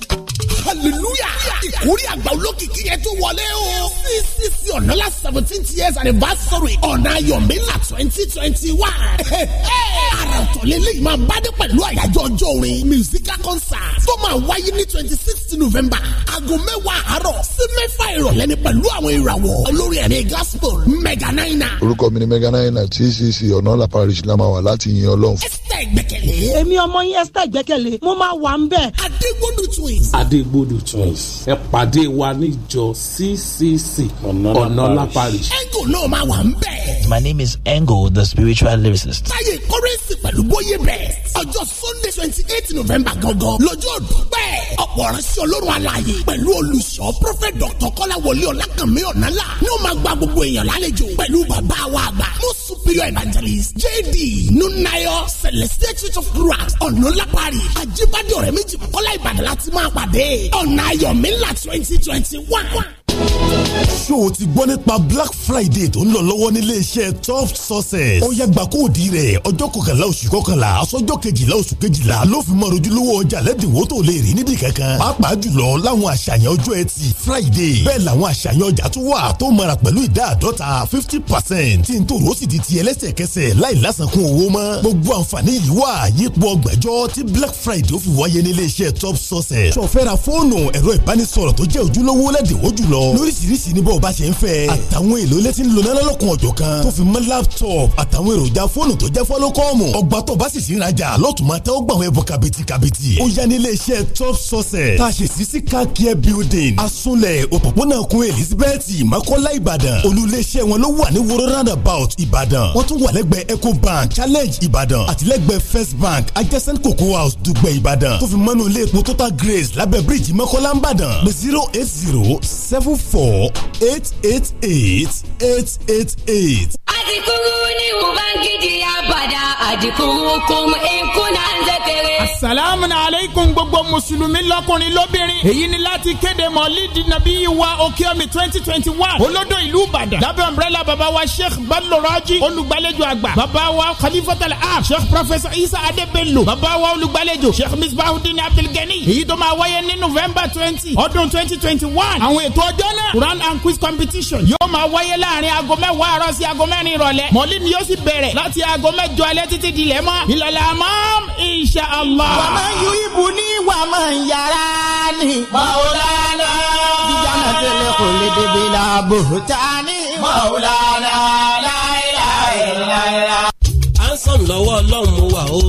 hallelujah ìkórè àgbà olókìkí yẹn tó wọlé o. ccc ọ̀nàlá seventeen years anniversary ọ̀nà ayọ̀mílà twenty twenty one. àrà ọ̀tọ̀lélẹ̀ yìí máa bá dé pẹ̀lú àyájọ́ ọjọ́ orin musical concert tó máa wáyé ní twenty six november aago mẹ́wàá àárọ̀ sí mẹ́fà ìrọ̀lẹ́ ni pẹ̀lú àwọn ìràwọ̀ olórí ẹ̀mí gospel mega nine. orúkọ mi ni mega nine ccc ọ̀nàlá parish lamá wà láti yin ọlọ́run. Esther èmi ọmọ yín Esther Ìgbẹ́kẹ̀lé mo máa wà ń bẹ̀. Adégbòdù twins. Adégbòdù twins ẹ pàdé wa níjọ CCC ọ̀nà lápárí. Engo náà máa wà ń bẹ̀. My name is Engo the spiritual lyricist. Táyé Kọ́rẹ́sì pẹ̀lú Bóyé bẹ̀. ọjọ́ Sunday twenty eight November gangan lọ́jọ́ òdùpẹ́. ọ̀pọ̀ ránṣẹ́ Ọlọ́run alààyè pẹ̀lú olùṣọ́ Prophet Dr. Kọ́láwọlé Ọlákànmí Ọ̀nàlá ni ó máa gba gbogbo èèyàn lálejò pẹ̀lú bàbá wa àgbà. Mọ́s superior evangelist jd nunayo celestial church of christ ọ̀nọ́lápàrí àjíbádé ọ̀rẹ́ méjì kọ́lá ìbàdàn láti máa pàdé ọ̀nà ayọ̀mílà twenty twenty one ṣó o ti gbọ́ nípa black friday tó ń lọ lọ́wọ́ nílé iṣẹ́ top success. ó yá gbà kóòdì rẹ̀ ọjọ́ kọkànlá oṣù kọkànlá aṣọ́jọ́ kejìlá oṣù kejìlá ló fi mọ ojúlówó ọjà lẹ́dínwó tó lè rí níbi kankan. pàápàá jùlọ láwọn àṣàyàn ọjọ́ ẹtì friday bẹ́ẹ̀ làwọn àṣàyàn ọjà tó wà tó mara pẹ̀lú ìdá àdọ́ta fifty percent tí n tó rò sì di ti ẹlẹ́sẹ̀kẹsẹ̀ láì lásàkún owó mọ́. gbogbo àǹfààní yìí wà yípo ọgbẹ̀jọ́ black friday ó fi wáyé nílé iṣẹ́ top success. sọ̀fẹ́ra fóònù ẹ̀rọ ìbánisọ̀rọ̀ tó jẹ́ ojúlówó lẹ́dínwó jùlọ lọ. lóríṣiríṣi ní bọ́ọ̀ bá ṣe ń fẹ́. àtàwọn èlò létí ń lo náírà lọ́kùn ọ̀jọ̀ kan. tó fi mọ́ laptop àtàwọn èròjà fóònù tó jẹ́ fọ́lọ́kọ́ọ̀mù. ọgbà tó bá sì sí ìrajà lọ́tùmọ̀ tẹ́ ó gbà wọn ẹ̀bùn kàbìtì kàbìtì. ó yá ní iléeṣẹ́ top sources. tá a ṣe sí sí car care building. asunlẹ̀ òpópónà kun elizabeth makola ìbàdàn. olùléeṣẹ́ wọn ló wà ní woro roundabout ìbàdàn. wọ́n tún wà lẹ́gbẹ̀ẹ́ ecobank challenge ìbàdàn àtìlẹ́gbẹ̀ẹ́ first bank adjacent cocoa house dùgbẹ̀ ìbàdàn. tó fi mọ́nú ilé epo total grace lábẹ́ bíríìjì mọ́kọ́lá ń bàdàn. zero eight zero seven four eight eight eight eight eight eight. àtìkúrú ni wọ́n abàdà àdìkúrú salamu alaykum gbogbo mùsùlùmí lọ́kùnrin lóbìnrin èyí ni láti kéde mọ̀lídìí nàbí wa okiomi twenty twenty one olódò ìlú ìbàdàn lábẹ́ umbrella baba wa sheikh baloraji olùgbàlejò àgbà baba wa khalifatal am sheikh professor isa adebello baba wa olùgbàlejò sheikh misbahudin abdulgani èyí tó máa wáyé ní november twenty ọdún twenty twenty one àwọn ètò ọjọ́ náà quran and quiz competition yóò máa wáyé láàrin aago mẹ́wàá àárọ̀ sí aago mẹ́rin insha allah. wà á máa yú ibù ní wà á máa yàrá ni. maulana. jíjà náà tẹ́lẹ̀ kò lè débè la bòtá ni. maulana sọ̀n lọ́wọ́ ọlọ́run mo wà o.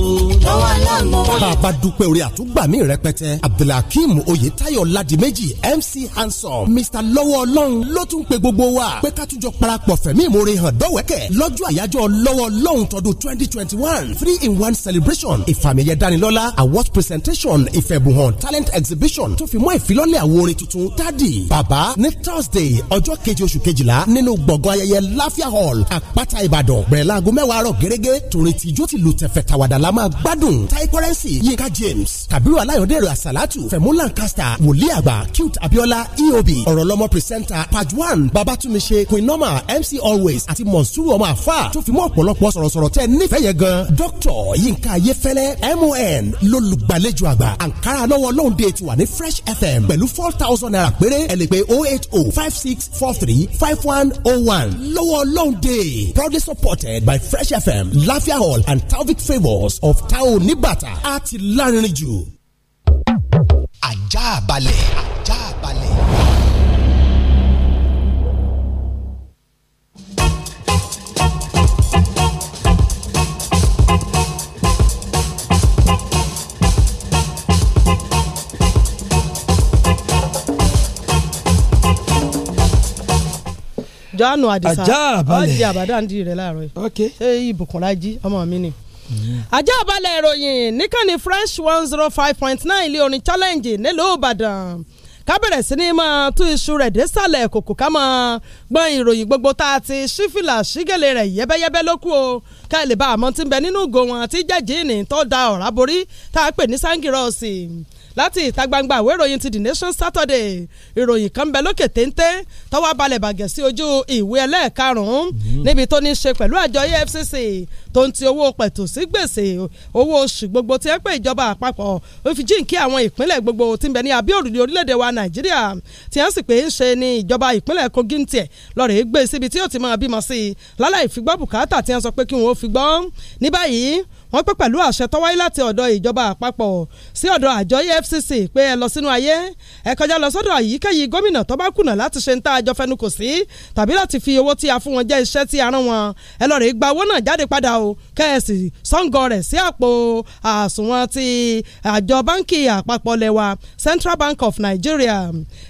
lọ́wọ́ ọlọ́run mo wà. bàbá dúpẹ́ orí àtúgbàmí rẹpẹtẹ abdulhakeem oyetayo ladimeji mc handsome mr lọ́wọ́ ọlọ́run ló tún pe gbogbo wa pé ká tún jọ parapọ̀ fẹ̀mí ìmoore hàn dọ́wẹ́kẹ̀ lọ́jọ́ àyájọ́ lọ́wọ́ ọlọ́run tọdún twenty twenty one three in one celebration ìfàmìyẹ dánilọ́lá awards presentation ìfẹ̀bùhàn talent exhibition tó fi mọ́ ìfilọ́lẹ̀ àwọn orin tuntun tádì bàbá ní thursday ọjọ́ keje oṣù kejìlá nínú gbọ̀ngàn ayẹyẹ láfíà hall àpáta ìbàdàn bẹ̀rẹ̀ láago mẹ́wàá àárọ̀ gẹ́gẹ́ tó orin tìjó tìlù tẹ̀fẹ̀ tàwàdà la máa gbádùn tai currency yinka james kabiru alayọ̀dẹ̀rẹ̀ asalatu fẹ̀mú lancaster wòlíì àgbà cute abiola eob ọ̀rọ̀lọ́mọ pírísẹ́ńtà pajwan babatunmise queen norma mc always àti monsuru ọmọ àfà tó fi mọ́ ọ̀pọ̀lọpọ̀ sọ̀rọ̀sọ̀rọ̀ tẹ́ nífẹ̀ẹ́ yẹn gan dr yinka ayefẹ́lẹ́ mon lolùgbàlejò àgbà ankara lọ́wọ́ lóun dé ti wà ní fresh fm pẹ̀lú four thousand naira péré ẹ lè pè oh eight oh five six four three five one oh one lọ́wọ́ lóun dé proudly supported by fresh fm láfíà Elijah Hall and Talvik Favours of Tao Nibata á ti lárinrin jù. Àjààbalẹ̀. Àjààbalẹ̀. àjọánù àdìsá ajá àbálẹ̀ ọjì àbádàndì rẹ láàárọ̀ yìí ṣé ìbùkúnlájí ọmọ mi ni. Mm. ajá àbálẹ̀ ìròyìn níkànnì fresh one zero five point nine ilé orin challenge nílùú ìbàdàn ká bẹ̀rẹ̀ sí ni máa tú iṣu rẹ̀ désàlẹ̀ kòkò ká máa gbọ́n ìròyìn gbogbo tá a ti ṣífìlà ṣígèlè rẹ̀ yẹ́bẹ́yẹ́bẹ́ ló kú o ká lè bá àmọ́ tí ń bẹ nínú ìgò wọn àti jẹ́jìnnì tó da ọ̀rá borí tá a pè ní sángírọ́ọ̀sì láti ìta gbangba àwọn ìròyìn ti The Nation Saturday ìròyìn kan bẹ lókè téńté tọ́wọ́ balẹ̀ bàgẹ́ sí ojú ìwé ẹlẹ́ẹ̀karùn-ún mhm. níbi tó ní í ṣe pẹ̀lú àjọ EFCC tó ń ti owó pẹ̀tù sí gbèsè owó oṣù gbogbo tí ẹ pé ìjọba àpapọ̀ ó fi jíǹkí àwọn ìpínlẹ̀ gbogbo tí ń bẹ ní abẹ́ orílẹ̀-èdè wa Nàìjíríà tí ẹ ń sì pé ń ṣe ni ìjọba ìpínlẹ̀ Kogi ń tiẹ̀ lọ́ọ̀rẹ́ gbé síbi tí yóò ti máa bímọ sí i láláì fi gbọ́ bùkátà tí ẹ sọ pé kí wọ́n fi gbọ́ ní báyìí wọ́n pé pẹ̀lú àṣẹ tó wáyé láti ọ̀dọ̀ ìjọba àpapọ̀ sí ọ̀dọ̀ àjọ EFCC pé ẹ lọ sínú ayé ẹ kọjá lọ sọ́dọ̀ àyíkéyìí gómìnà tó bá kùnà láti ṣe ń tá àjọ fẹnukò sí tàbí láti fi owó tí a fún wọn jẹ́ iṣẹ́ tí a rán wọn ẹ lọ rè gba owó náà jáde padà o kẹ́ẹ̀sì sọ́ngọ̀ rẹ̀ sí àpò àsùnwọ̀n ti àjọ báńkì àpapọ̀ lẹ́wà Central Bank of Nigeria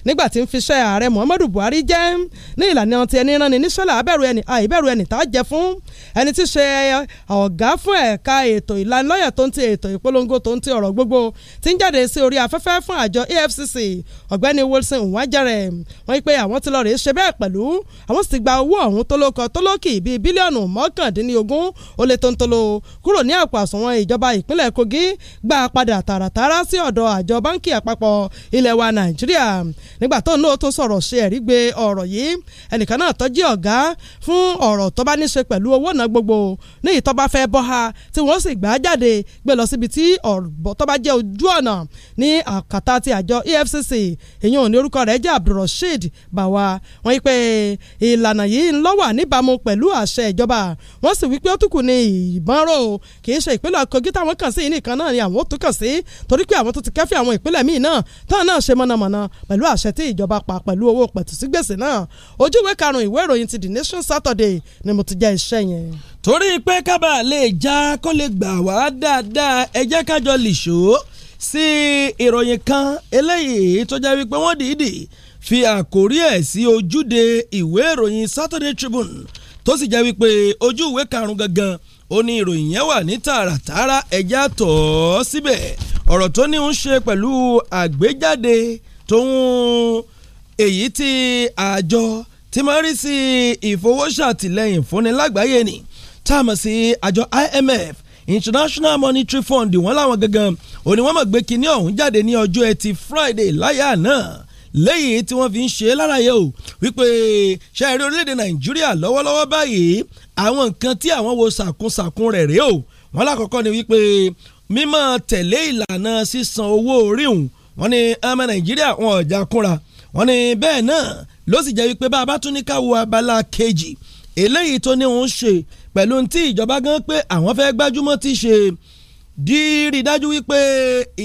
nígbà tí ń fiṣẹ́ ààrẹ Muhammadu Buhari jẹ́ ní ìlànà ti ẹni ránni níṣẹ́ làbẹ̀rù ẹni ẹni tá a jẹ fún ẹni tí ṣe ọ̀gá fún ẹ̀ka ètò ìlanilọ́yẹ̀ tó ń ti ètò ìpolongo tó ń ti ọ̀rọ̀ gbogbo ti ń jáde sí orí afẹ́fẹ́ fún àjọ EFCC ọ̀gbẹ́ni Wilson wájàrẹ̀ wọ́n pé àwọn ti lọ rèé ṣe bẹ́ẹ̀ pẹ̀lú àwọn sì gba owó ọ̀hún tó lóko tó lókì bíi bílíọ̀nù mọ́kàndínlógún ó lé tóńtóló kúrò ní àpò àsùnwọ̀n ìjọba ìpínlẹ̀ Kogi gbà padà tààràtàrà sí ọ̀dọ̀ àjọ báńkì àpapọ̀ ilẹ̀ wa Nàìjíríà nígbà tó náà tó sọ̀rọ̀ ṣe ẹ̀rí gbé ọ̀rọ̀ yìí ẹnìkan náà tọ́jú ọ̀gá fún ọ̀rọ̀ tó bá ní ṣe pẹ̀lú owó náà gbogbo sì gbà á jáde gbé lọ síbi tí ọ̀rọ̀ tó bá jẹ́ ojú ọ̀nà ní àkàtà ti àjọ EFCC èyí ò ní orúkọ rẹ̀ jẹ́ Abdulrasheed Bawa wọ́n yí pé ìlànà yìí ń lọ́wà níbàámu pẹ̀lú àṣẹ ìjọba wọ́n sì wí ó tún kù ní ìbọnrò kì í ṣe ìpínlẹ̀ Kogi táwọn kàn sí yìí nìkan náà ni àwọn ó tún kàn sí torí pé àwọn tó ti kẹ́fì àwọn ìpínlẹ̀ míì náà táwọn náà ṣe mọ̀nàmọ̀nà pẹ̀lú àṣẹ tí ìjọba pa pẹ̀lú owó pẹ̀tùsígbèsè náà ojú karùn-ún ìwé ìròyìn ti The Nation Saturday ni mo ti jẹ́ iṣẹ́ yẹn torí pé kábà lè já kó lè gbà wá dáadáa ẹ jẹ́ kájọ lìṣó sí ìròyìn kan eléyìí tó jẹ́ wípé wọ́n dìídì fi àkórí ẹ̀ sí ojúde ìwé ìròyìn Saturday Tribune tó sì jẹ́ wípé ojú ìwé karùn-ún gangan ó ní ìròyìn yẹn wà ní tààràtààrà ẹ̀já tọ̀ ọ́ síbẹ̀ ọ̀rọ̀ tó ní ń ṣe pẹ̀lú àgbéjáde tóun èyí tí àjọ tí máa rí sí ìfowósàtìlẹ́yìn fúnni lágbàáyé ni tá a sí àjọ IMF International Monetary Fund wọ́n láwọn gangan òní wọ́n mọ̀ gbé kinní ọ̀hún jáde ní ọjọ́ ẹtì Friday láyà náà lẹ́yìn tí wọ́n fi ń ṣe lálàyé o wípé ṣàìrí orílẹ̀-èdè Nàìjíríà lọ́wọ́lọ́wọ́ báyìí àwọn nǹkan tí àwọn wo ṣàkúnṣàkún rẹ̀ rèé o wọ́n lákọ̀ọ́kọ́ ni wípé mímọ́ tẹ̀lé ìlànà sísan owó orí òun wọ́n ní ọmọ Nàìjíríà wọn ò já kúnra wọ́n ní bẹ́ẹ̀ náà ló sì jẹ́ wípé bá a bá tún ní ká abala kejì eléyìí tó ní òun ṣe pẹ̀lú tí ìjọba gan pé àwọn fẹ́ gbájúmọ́ ti ṣe dírí dájú wípé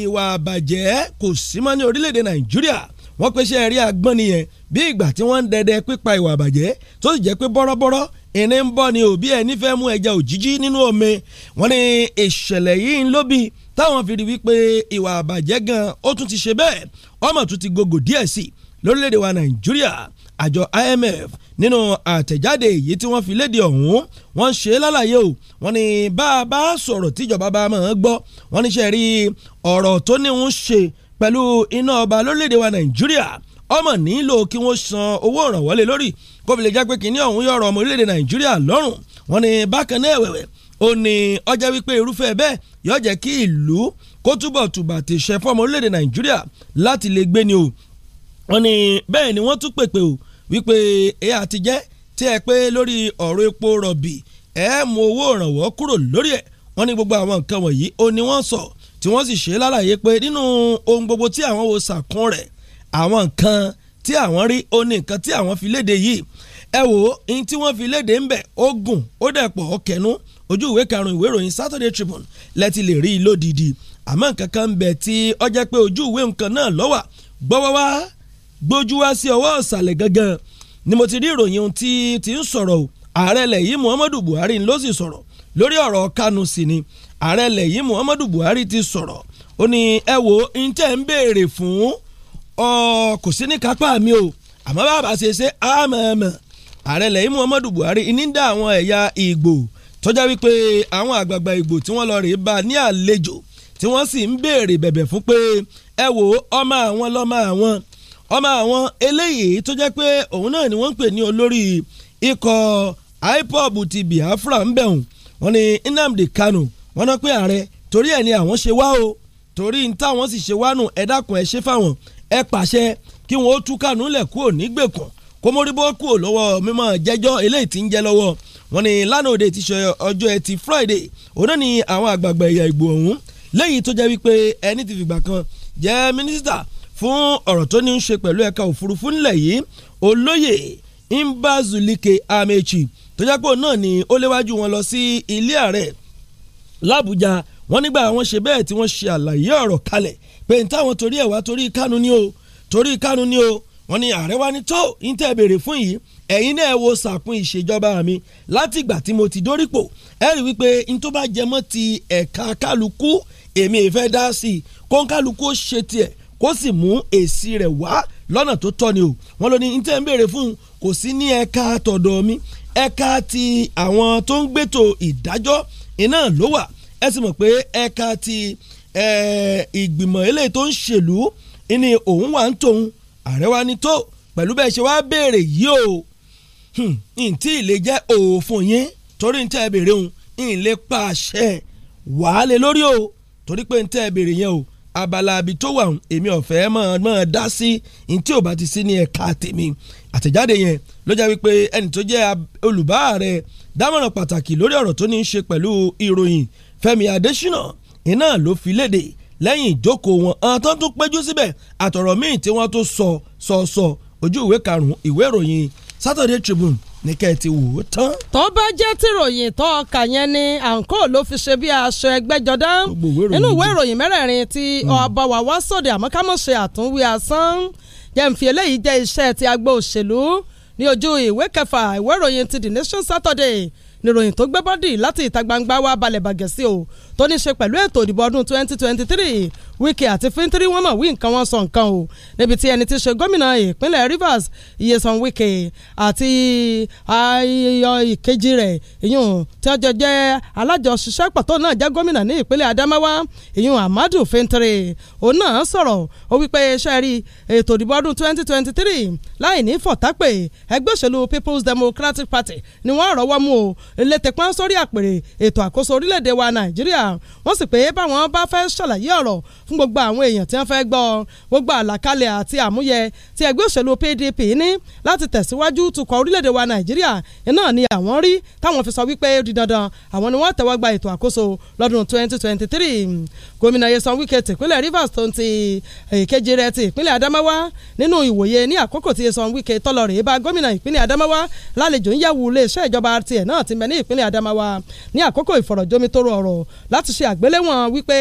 ìwà àbàjẹ́ kò sí mọ́ ní orílẹ̀-èdè nàìjíríà wọ́n pèsè ẹ̀rí àgbọ̀n nìyẹn bí ìgbà tí wọ́n ń dẹdẹ pípa ìwà àbàjẹ́ tó sì jẹ́ pé bọ́rọ́bọ́rọ́ ìní ń bọ́ ni òbí ẹ̀ nífẹ̀ẹ́ mú ẹja òjijì nínú omi wọ́n ní ìṣẹ̀lẹ̀ yìí ń lóbi táwọn fi rí wípé ìwà àbàjẹ́ gan ó tún ti ṣe bẹ́ẹ̀ ọmọ tún ti gògò díẹ̀ sí lórílẹ̀‐èdè wa nàìjíríà àjọ IMF nínú àtẹ̀jáde èyí tí wọ́n fi léde ọ̀hún wọ́n ṣe lálàyé o wọ́n ní bá a bá sọ̀rọ̀ tíjọba bá máa gbọ́ wọ́n ní sẹ́ẹ̀rí ọ̀rọ̀ tó ní ń ṣe pẹ̀lú iná ọba lórílẹ̀‐èdè wa Nàìjíríà ọmọ nílò kí wọ́n san owó ìrànwọ́lé lórí kó fi lè jẹ́ pé kínní ọ̀hún yọ̀rọ̀ ọmọ orílẹ̀‐èdè Nàìjíríà lọ́rùn wọ́n ní bákan náà ẹ̀wẹ̀wẹ̀ ó ní ọjọ́ wípé irúfẹ́ bẹ́ẹ̀ yóò jẹ́ kí ìlú kó túbọ̀ tùbà ti ṣe fọ́mọ orílẹ̀‐èdè Nàìjíríà láti lè gbé ni o wọ́n ní bẹ́ẹ̀ ni wọ́n tún pèpè o wípé ẹ àtijẹ́ tí ẹ pé lórí ọ̀rọ̀ epo rọ̀bì ẹ mú owó ìrànwọ́ kúrò lórí ẹ̀ wọ́n ní gbogbo àwọn nǹkan wọ̀nyí ó ní wọ́n sọ tí wọ́n sì ṣe lálàyé pé nínú ohun gbogbo tí àwọn wo sàkún rẹ̀ àwọn nǹkan tí àwọn rí ó ní nǹkan tí àwọn fi léde yìí ẹ wò ó ní tí wọ́n fi léde ń bẹ̀ ó gùn ó dẹ̀ ó kẹnu ojú ìwé karùn ìwé ìròyìn Saturday Tribune lẹ́tí lè rí i lódìdí àmọ́ nǹkan kan ń bẹ tí ó jẹ́ pé ojú ìwé nǹkan náà lọ́wà gbọ́wọ́ gbójú wá sí ọwọ́ ọ̀sàlẹ̀ gangan ni mo ti rí ìròyìn ohun tí ti ń sọ̀rọ̀ o ààrẹ ilẹ̀ yìí Muhammadu Buhari ló sì sọ̀rọ̀ lórí ọ̀rọ̀ Kanu sí ni ààrẹ ilẹ̀ yìí Muhammadu Buhari ti sọ̀rọ̀ ó ní ẹ wo n tẹ́ ń béèrè fún ọ kò sí ní kápá mi o àmọ́ bàbá ṣe ṣe àmọ̀ọ́mọ̀ ààrẹ ilẹ̀ yìí Muhammadu Buhari ní dá àwọn ẹ̀yà Ìgbò tọ́já wípé àwọn àgbààgbà Ìgbò tí wọ́n lọ rèé bá ní àlejò tí wọ́n sì ń béèrè bẹ̀bẹ̀ fún pé ẹ wo ọmọ àwọn lọ́mọ àwọn ọmọ àwọn eléyìí tó jẹ́ pé òun náà ni wọ́n ń pè ní olórí ikọ̀ IPOB ti Biafra ń bẹ̀hùn wọ́n ní Nnamdi Kanu wọ́n náà pé ààrẹ torí ẹ̀ ni àwọn ṣe wá o torí n táwọn sì ṣe wá nù ẹ dákun ẹ ṣe fáwọn ẹ pàṣẹ kí wọn ó tú Kanu lẹ̀ kúrò nígbèkùn kó mórí bọ́ kúrò lọ́wọ́ mímọ́ jẹ́jọ́ eléyìí ti ń jẹ́ lọ́wọ́ wọ́n ní lánàá òde ti ṣe ọjọ́ ẹtì Friday òun náà ni àwọn àgbààgbà ẹ̀yà Ìgbò ọ̀hún léyìí tó jẹ́ wípé ẹni tí fìgbà kan jẹ́ mínísítà fún ọ̀rọ̀ tó ní í ṣe pẹ̀lú ẹ̀ka òfurufú ńlẹ̀ yìí olóyè Mbazulike Amechi tó jápò náà ni ó léwájú wọn lọ sí ilé ààrẹ làbújá wọn nígbà wọn ṣe bẹ́ẹ̀ tí wọ́n ṣe àlàyé ọ̀rọ̀ kalẹ̀ pé n táwọn torí ẹ̀ wá torí kánú ni o torí kánú ni o wọn ni ààrẹ wa ni tó ń tẹ́ béèrè fún yìí ẹ̀yin náà wo sàkún ìṣèjọba mi láti ìgbà tí mo ti dórípò ẹ rí wípé n tó bá jẹ ti ẹ̀ka kálukú èmi ìfẹ́ dá sí i kó kálukú ṣe tiẹ̀ kó sì mú èsì rẹ̀ wá lọ́nà tó tọ́ ni o wọ́n ló ní ní tẹ́ ń béèrè fún un kò sí ní ẹ̀ka tọ̀dọ̀ mi ẹ̀ka ti àwọn tó ń gbètò ìdájọ́ iná ló wà ẹ sì mọ̀ pé ẹ̀ka ti ìgbìmọ̀ eléyìí tó ń ṣèlú ni òun wà ń tòun ààrẹ wa ni tó pẹ̀lú bẹ́ẹ̀ ṣe wá béèrè yìí o ǹtí hmm, ìlé jẹ́ òfin yín torí ǹtẹ́ ẹ béèrè òun ìlé pàṣẹ wàá lé lórí o torí pé ǹtẹ́ ẹ béèrè yẹn o abala àbí tó wà èmi ọ̀fẹ́ máa máa dá sí ní tí ò bá ti sí ní ẹ̀ka tèmi àtẹ̀jáde yẹn ló jẹ́ wípé ẹni tó jẹ́ olùbáàrẹ dámọ̀ràn pàtàkì lórí ọ̀rọ̀ tó ní í ṣe pẹ̀lú ìròyìn Fẹ́mi Adésínà iná ló fi léde lẹ́yìn ìjókòó wọn àwọn tó ń tún péjú síbẹ̀ àtọ̀rọ̀ míì tí wọ́n tó sọ sọ sọ ojú ìwé karùn-ún ìwé ìròyìn Saturday Tribune ní kẹ́ ẹ ti wò ó tán. tó bá jẹ́ tìròyìn tó ọkà yẹn ni àǹkó ló fi ṣe bí aṣọ ẹgbẹ́jọdá nínú ìwé ìròyìn mẹ́rẹ̀ẹ̀rin tí hmm. ọba wa wá sóde àmọ́ ká mọ̀ ṣe àtúnwí asán jẹ́ eléyìí jẹ́ iṣẹ́ ti agbo òṣèlú ní ojú ìwé kẹfà ìwé ìròyìn ti The Nation Saturday níròyìn tó gbé bọ́dì láti ìta gbangba wa balẹ̀ bàgẹ́ o tó ní ṣe pẹ̀lú ètò ìdìbò ọdún 2023 Wike àti Fintiri wọ́n mọ̀ wí nǹkan wọ́n sọ nǹkan o níbi tí ẹni tí ṣe gómìnà ìpínlẹ̀ Rivers Iyesan Wike àti ayọ̀ ìkejì rẹ̀ ìyún tí wọ́n jọ jẹ́ alájọṣiṣẹ́pọ̀ tó náà jẹ́ gómìnà ní ìpínlẹ̀ Adamawa ìyún Amadu Fintiri òun náà sọ̀rọ̀ ó wípé iṣẹ́ rí ètò ìdìbò ọdún 2023 láì ní fọ̀tápè ẹgbẹ́ òṣèlú People's Democratic Party ni wọ́n rọ́wọ́ mú o létẹ̀pọ́n sórí àpèrè ètò àkóso orílẹ̀-èdè wa Nàìjíríà wọ́n sì pé báwọn bá fẹ́ ṣàlàyé ọ̀rọ̀ fún gbogbo àwọn èèyàn tí wọ́n fẹ́ gbọ́ gbogbo àlàkalẹ̀ àti àmúyẹ tí ẹgbẹ́ òṣèlú PDP ní láti tẹ̀síwájú tukọ̀ orílẹ̀-èdè wa Nàìjíríà iná ni àwọn rí táwọn fi sọ wípé di dandan àwọn ni wọ́n tẹ́wọ́ gba ètò àkóso lọ́dún 2023 gómìnà Nyesom Wike tìpínlẹ̀ Rivers tó ń ti èkejì rẹ̀ ti ìpínlẹ̀ Adamawa nínú ìwòye ní àkókò tí Nyesom Wike tọ́lọ̀ rèé bá gómìnà ìpínlẹ̀ Adamawa lálejò ń yẹ̀wò iléeṣẹ́ ìjọba tiẹ̀ náà ti mẹ́ ní ìpínlẹ̀ Adamawa ní àkókò ìfọ̀rọ̀jomitoro ọ̀rọ̀ lá láti ṣe àgbéléwọ̀n wípé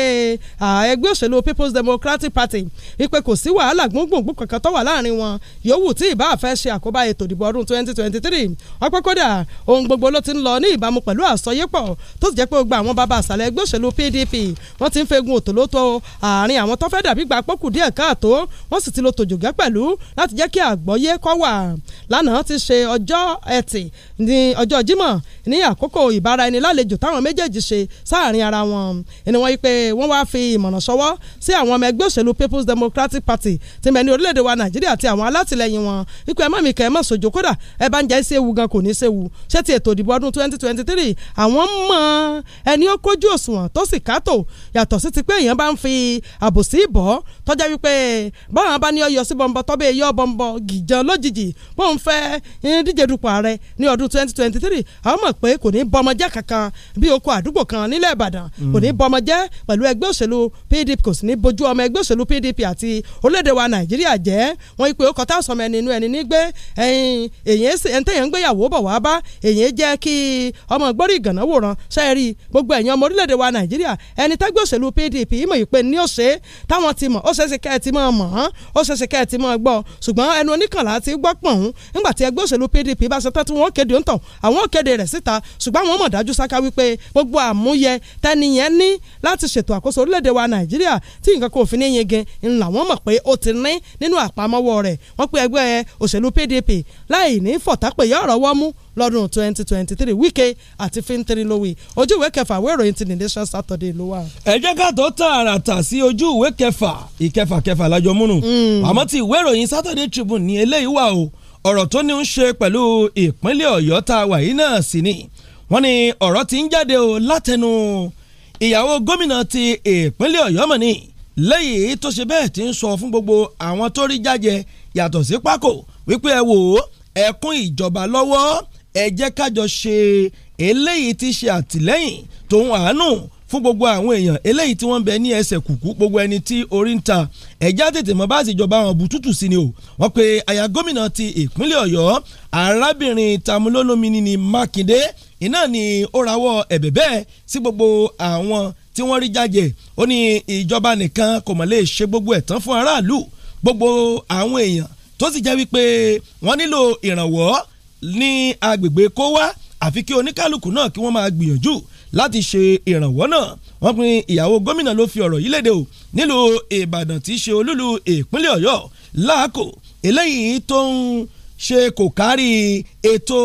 ẹgbẹ́ òṣèlú People's Democratic Party wípé kò sí wàhálà gbóngbòngbò kankan tó wà láàrin wọn yòówù tí ìbá fẹ́ ṣe àkóbá ètò ìdìbò ọdún 2023 ọpẹ́ kódà ohun gbogbo ló ti ń lọ ní ìbámu pẹ̀lú àsọyépọ̀ tó ti jẹ́ pé gbogbo àwọn bàbá àṣàlẹ̀ ẹgbẹ́ òṣèlú PDP wọ́n ti ń fegun òtòlótò àárín àwọn tó fẹ́ dàbí gba pọ́kù díẹ̀ káàtó wọ́n sì ti lo tòjògá pẹ̀lú láti jẹ́ kí àgbọ́yé kó wà lánàá ti ṣe ọjọ́ ẹtì ní ọjọ́ Jímọ̀ ní àkókò ìbáraẹnilálejò táwọn méjèèjì ṣe sáàrin ara wọn ni wọ́n yí pé wọ́n wá fi ìmọ̀ràn ṣọwọ́ sí àwọn ọmọ ẹgbẹ́ òṣèlú People's Democratic Party ti mẹ́ni orílẹ̀-èdè wa Nàìjíríà àti àwọn alátìlẹyìn wọn wípé ẹ má mi kẹ́ ẹ má sojo kódà ẹ bá ń jẹ́ séwu gan kò ní séwu ṣé ti ètò ìdìbò ọdún 2023 àwọn mọ ẹni ó kójú òṣùwọ̀n tó sì kátó yàtọ̀ sí ti pé èèyàn bá ń fi àbòsí ìbọ̀ tọ́jà wípé báwọn bá ní ọyọ sí bọ́ńbọ́ tọ́bẹ̀ yọ bọ́ńbọ́ gìjọ lójijì bóun fẹ́ díje dupò ààrẹ ní ọdún 2023 àwọn mọ̀ pé kò ní bọ́mọjá kankan bí oko àdúgbò kan nílẹ̀ Ìbàdàn kò ní bọmọ jẹ́ pẹ̀lú ẹgbẹ́ òṣèlú PDP kò sì ní bojú ọmọ ẹgbẹ́ òṣèlú PDP àti orílẹ̀-èdè wa Nàìjíríà jẹ́ wọ́n ipe ọkọ̀ táwọn sọmọ ẹni inú ẹni nígbé ẹ̀yìn èyàn tẹ̀yàn ń gbéyàwó bọ̀ wá bá èyàn jẹ́ kí ọmọ gbórí ìgànnà wòran sẹ́ẹ̀rì gbogbo ẹ̀yàn ọmọ orílẹ̀-èdè wa Nàìjíríà ẹni tẹ́gbẹ́ òṣèlú PDP ìmọ̀ ìpè ní òṣè táwọn ti mọ̀ ó ṣeéṣe kẹ́ ẹ ti máa mọ̀ ọ́n ó ṣeéṣe kẹ́ ẹ ti máa gbọ́ ṣùgbọ́n ẹnu oníkànlá ti gbọ́ pọ̀n nígbà tí ẹgbẹ́ òṣèlú PDP bá ṣe tán tí wọ́n kéde ń tàn àwọn kéde rẹ̀ síta ṣùgbọ́n àwọn tẹ́niyẹn ní láti ṣètò àkóso orílẹ̀-èdè wa nàìjíríà tí nǹkan kò fi ní yege ńlá wọ́n mọ̀ pé ó ti ní nínú àpamọ́wọ́ rẹ̀ wọ́n pe ẹgbẹ́ òṣèlú pdp láì ní fọ̀tápẹ̀yẹ́ ọ̀rọ̀ wọ́n mú lọ́dún twenty twenty three wíkẹ́ àti fíntiri lówì ojú ìwé kẹfà àwọn ìròyìn ti nìdẹ́sán sátọ̀dẹ̀ ló wà. ẹ jẹ́ ká tó tààràtà sí ojú ìwé kẹfà ìkẹfà kẹfà lájọ múnú hmm. àmọ́ ti ìwé ìròyìn Saturday Tribune ní eléyìí wà o ọ̀rọ̀ tó ní ń ṣe pẹ̀lú ìpínlẹ̀ Ọ̀yọ́ tá a wà yìí náà sì ni wọ́n ní ọ̀rọ̀ ti ń jáde o látẹnu ìyàwó gómìnà ti ìpínlẹ̀ ọ̀yọ́ mọ̀ ní lẹ́yìn tó ṣe bẹ́ẹ̀ ti ń sọ fún gbogbo àwọn tó rí jájẹ yàtọ̀ sí pákó wípé ẹ wò ó ẹkún ìjọba lọ́wọ́ ẹ jẹ́ kájọ ṣe eléyìí ti ṣe àtìlẹ́yìn tòun àánú fún gbogbo àwọn èèyàn eléyìí tí wọ́n ń bẹ ní ẹsẹ̀ kùkú gbogbo ẹni tí orí ń ta ẹ̀já tètè mọ́ bá ìjọba wọn bùtútù sí ni o wọ́n pe aya gómìnà ti ìpínlẹ̀ ọ̀yọ́ arábìnrin tamulólómìnì ni Mákindé iná ni ó rawọ́ ẹ̀bẹ̀ bẹ́ẹ̀ sí gbogbo àwọn tí wọ́n rí jájẹ ó ní ìjọba nìkan kò mọ̀ lè ṣe gbogbo ẹ̀ tán fún aráàlú gbogbo àwọn èèyàn tó sì jẹ́ wípé wọ́n nílò ìrànwọ́ ní agbègbè kó wá àfi kí oníkálukú náà kí wọ́n máa gbìyànjú láti ṣe ìrànwọ́ náà wọ́n pin ìyàwó gómìnà ló fi ọ̀rọ̀ yìí léde o nílùú ìbàdàn tí í ṣe olúlu ìpínlẹ̀ ọ̀yọ́ láàkó eléyìí tó ń ṣe kò kárí ètò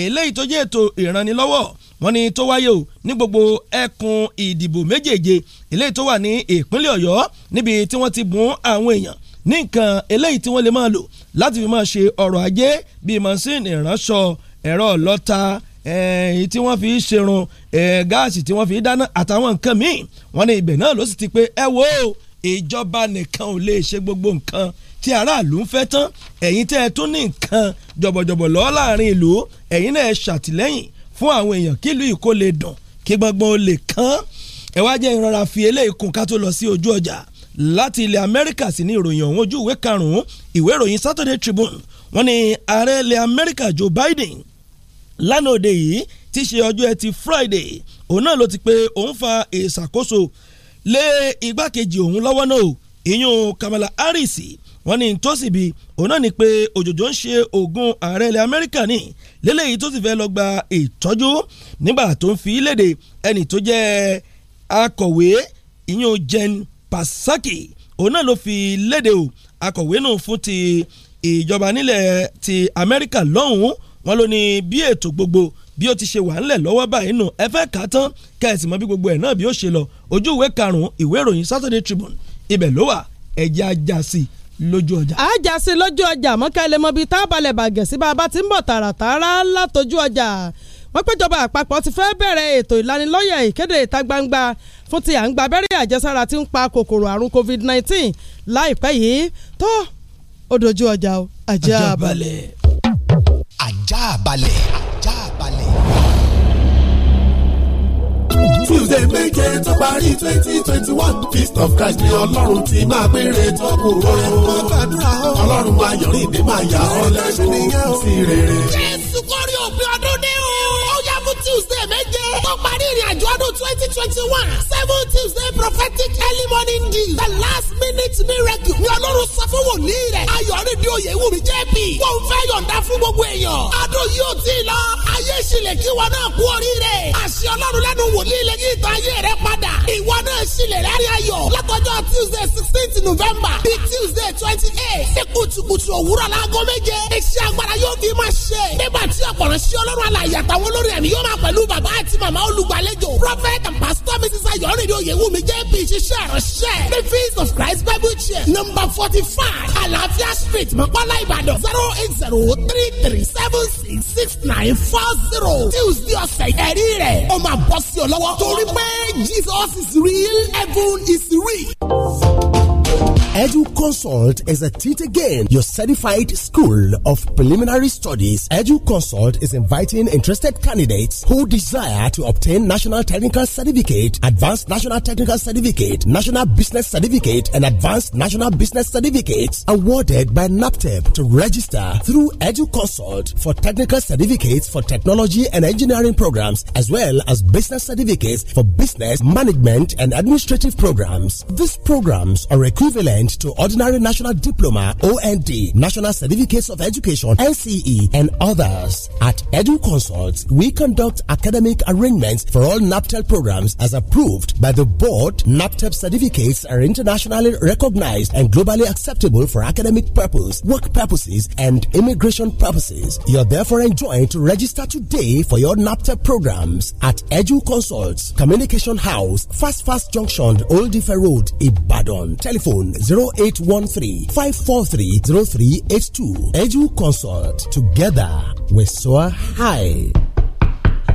eléyìí tó jẹ́ ètò ìrànlọ́wọ́ wọn ni tó wáyé o ní gbogbo ẹkùn ìdìbò méjèèje eléyìí tó wà ní ìpínlẹ̀ Ọ̀yọ́ níbi tí wọ́n ti bùn àwọn èèyàn ní nǹkan eléyìí tí wọ́n lè máa lò láti fi máa ṣe ọrọ̀ ajé bíi mọ̀síìnì ìránṣọ ẹ̀rọ ọlọ́ta èyí tí wọ́n fi í ṣerun gáàsì tí wọ́n fi í dáná àtàwọn nǹkan míì wọ́n ní ibẹ̀ náà ló sì ti pé ẹ wo ìjọba nìkan ò lè ṣe gbogbo nǹkan tí aráàlú ń fẹ́ tán ẹ̀yin tẹ́ ẹ tún ní nǹkan jọ̀bọ̀jọ̀bọ̀ lọ́ láàrin ìlú ẹ̀yin náà ẹ ṣàtìlẹ́yìn fún àwọn èèyàn kí ìlú ìkó lè dùn kí gbọ̀ngbọ̀n ó lè kán ẹ wá jẹ́ ìrora fi eléyìí kún ká tó lọ sí ojú ọjà láti ilẹ̀ Amẹ́ríkà sí ní ìròyìn ọ̀hún ojú ìwé karùn-ún ìwé ìròyìn Saturday Tribune wọ́n ní ààrẹ ilẹ̀ Amẹ́ríkà Joe Biden lánàá òde yìí ti ṣe ọjọ́ ẹtì Friday òun náà ló ti pé òun fa ìṣàkóso lé igbákejì òun lọ́wọ́ náà ìyún Kamala Harris wọ́n ní tó sì bí òun náà ni pé òjòjò ń ṣe ogun ààrẹ ilẹ̀ amẹ́ríkà ní lélẹ́yìí tó sì fẹ́ lọ gba ìtọ́jú nígbà tó ń fi léde ẹni tó jẹ́ akọ̀wé ìyún Jen pasaki òun náà ló fi léde o akọ̀wé náà fún ti ìjọba nílẹ̀ ti amẹ́ríkà lọ́hùn-ún wọ́n ló ní bí ètò gbogbo bí ó ti ṣe wà ńlẹ̀ lọ́wọ́ báyìí nù ẹ fẹ́ kà á tán kẹ́sì mọ́ bí gbogbo ẹ̀ náà bí ó ṣe lọ ojú ìwé karùn-ún ìwé ìròyìn Saturday Tribune ibẹ̀ ló wà ẹ̀jẹ̀ ajá lójú ọjà. a jà sí lójú ọjà mọ́kànlẹ́ mọ́bi tá a balẹ̀ bàgẹ́ sí bá a bá ti ń bọ̀ tààràtààrà látọjú ọjà wọ́n péjọba àpapọ̀ ti fẹ́ bẹ̀rẹ̀ ètò ìlanilọ́yẹ̀ ìkéde ìta gbangba fún ti à ń gba abẹ́rẹ́ àjẹsára tí ń pa kòkòrò àrùn covid-19 láìpẹ́ yìí tó ó dojú ọjà o ajá balẹ̀. ajá balẹ̀. tuesday méje tó parí twenty twenty one feast of christ ni ọlọ́run ti máa péré tó kù o. ọlọ́run ayọ̀rìndé máa yà ọ́ lẹ́nu sí rere. jésù kọ́ ìrìnàjò ọdún twenty twenty one seven tuesday prophetic early morning deal the last minute miracle ni ọlọ́run sọ fún wòlíì rẹ̀ ayọ̀rẹ́ di oyè ìwúrí jp kó n fẹ́ yọ̀ǹda fún gbogbo èèyàn adùn yóò ti lọ ayé ìṣìlẹ̀ kí wọn náà kú oríire àṣẹ ọlọ́run lẹ́nu wòlíì lẹ́yìn ìtàn ayé rẹ̀ padà ìwọ náà ṣìlẹ̀ lárí ayọ̀ látọjọ́ tuesday sixteenth november bíi tuesday twenty eight ní kùtùkùtù òwúrọ̀ láago méje iṣẹ́ agbára yóò fi máa ṣe nígbà tí ọ̀pọ̀rọ̀ sí ọlọ́run àlàyé àtàwọn olórí ẹ̀mí yóò máa pẹ̀lú bàbá àti màmá olùgbàlejò àlejò prophet and pastor mrs ayọ̀rìndé oyèwùmí jp ṣiṣẹ́ ìránṣẹ́ The feast of christ bible church number forty five àlàáfíà street mọ̀kọ́lá ìbàdàn zero eight zero three three seven six six nine four zero tuesday ọ̀sẹ̀ ẹ̀rí rẹ̀ ó máa bọ́ sí ọ lọ́wọ́ torí pé jesus is real heaven is real. Edu Consult is a it again, your certified school of preliminary studies. Edu Consult is inviting interested candidates who desire to obtain national technical certificate, advanced national technical certificate, national business certificate, and advanced national business certificates awarded by NAPTEP to register through Edu Consult for technical certificates for technology and engineering programs, as well as business certificates for business management and administrative programs. These programs are recruited equivalent to ordinary national diploma, OND, national certificates of education, NCE, and others. At Consults, we conduct academic arrangements for all NAPTEL programs as approved by the board. NAPTEL certificates are internationally recognized and globally acceptable for academic purposes, work purposes, and immigration purposes. You're therefore enjoined to register today for your NAPTEL programs at Consults, Communication House, Fast Fast Junction, Old Ife Road, Ibadan. Telephone phone 0813 543 0382. Edu Consult. Together, we soar high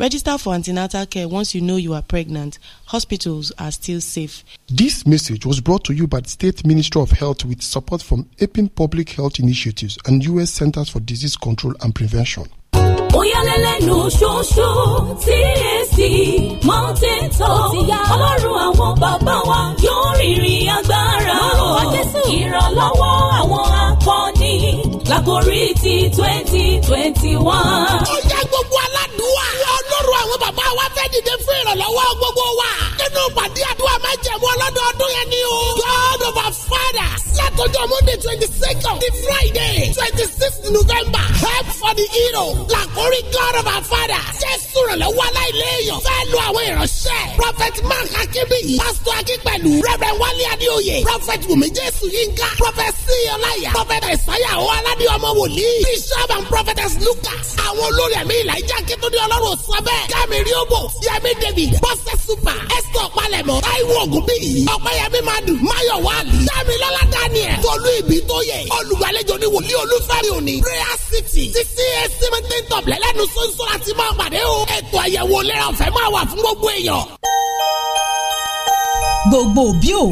Register for antenatal care once you know you are pregnant. Hospitals are still safe. This message was brought to you by the State Ministry of Health with support from APIN Public Health Initiatives and U.S. Centers for Disease Control and Prevention. ṣoṣo TSC Mountain Top Ọlọ́run àwọn bàbá wa yóò rìnrìn agbára Ìrànlọ́wọ́ àwọn akọni ti twenty gbogbo ọlọ́run àwọn bàbá wa fẹ́ dìde fún ìrànlọ́wọ́ gbogbo wa. nínú pàdé àdúrà májẹ̀mú ọlọ́dọọdún yẹn ni o. God of our father. látọjọ́ monday twenty second di friday twenty six november the hero glory, God of our father Jésù rẹ̀ lọ́wọ́ aláìléèyàn fẹ́ lu àwọn ìránṣẹ́ prophet Mark Akínbíyì pastor Akínpẹ̀lú Reverend Wálé Adéoyè prophet Bùnmi Jésù Yínká prophet C. prophet Ẹ̀sáyà O. Aládé ọmọ bishop and prophetess Lucas àwọn olórí ẹ̀mí ìlàjà Akíntúndé Ọlọ́run sọ bẹ́ẹ̀ Kẹ́mi Ríóbò Yemi, David Bọ́sẹ̀ Super Esther Palẹ̀mọ́ Táíwò Ògúnbíyì Ọ̀pẹ́yẹmí Madu Máyọ̀ Wálé Dámilọ́lá Daniel Tolú Ìbítóyè olùgbàlejò ni wòlíì Olúfẹ́mi òní prayer city títí CAC maintain top lẹ́lẹ́nu sọ́nsọ́ láti máa pàdé o. ètò àyẹ̀wò ìlera ọ̀fẹ́ máa wà fún gbogbo èèyàn. gbogbo òbí o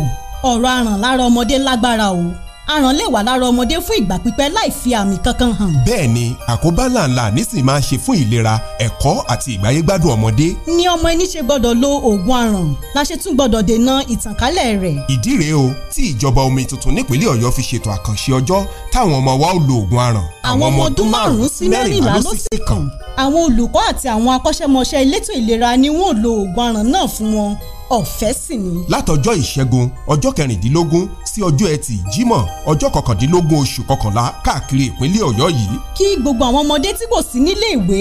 ọ̀rọ̀ aràn lára ọmọdé lágbára o aràn lè wà lára ọmọdé fún ìgbà pípẹ́ láì fi àmì kankan hàn. bẹ́ẹ̀ni àkóbá làǹlà nísìnyí máa ṣe fún ìlera ẹ̀kọ́ àti ìgbáyégbádùn ọmọdé. ni ọmọ ẹni ṣe gbọ́dọ̀ lo oògùn aràn la ṣe tún gbọ́dọ̀ dènà ìtànkálẹ̀ rẹ̀. ìdí rèé o tí ìjọba omi tuntun nípínlẹ̀ Ọ̀yọ́ fi ṣètò àkànṣe ọjọ́ táwọn ọmọ wa ó lo oògùn aràn. àwọn ọmọ ọdún márùn-ún sí mẹ́rìnlá ló sì kàn àwọn olùkọ́ àti àwọn akọ́ṣẹ́mọṣẹ́ elétò ìlera ni wọ́n lo oògùn aràn náà fún wọn ọ̀fẹ́ sì ni. látọjọ́ ìṣẹ́gun ọjọ́ kẹrìndínlógún sí ọjọ́ ẹtì jímọ̀ ọjọ́ kọkàndínlógún oṣù kọkànlá káàkiri ìpínlẹ̀ ọ̀yọ́ yìí. kí gbogbo àwọn ọmọdé tí kò sí nílé ìwé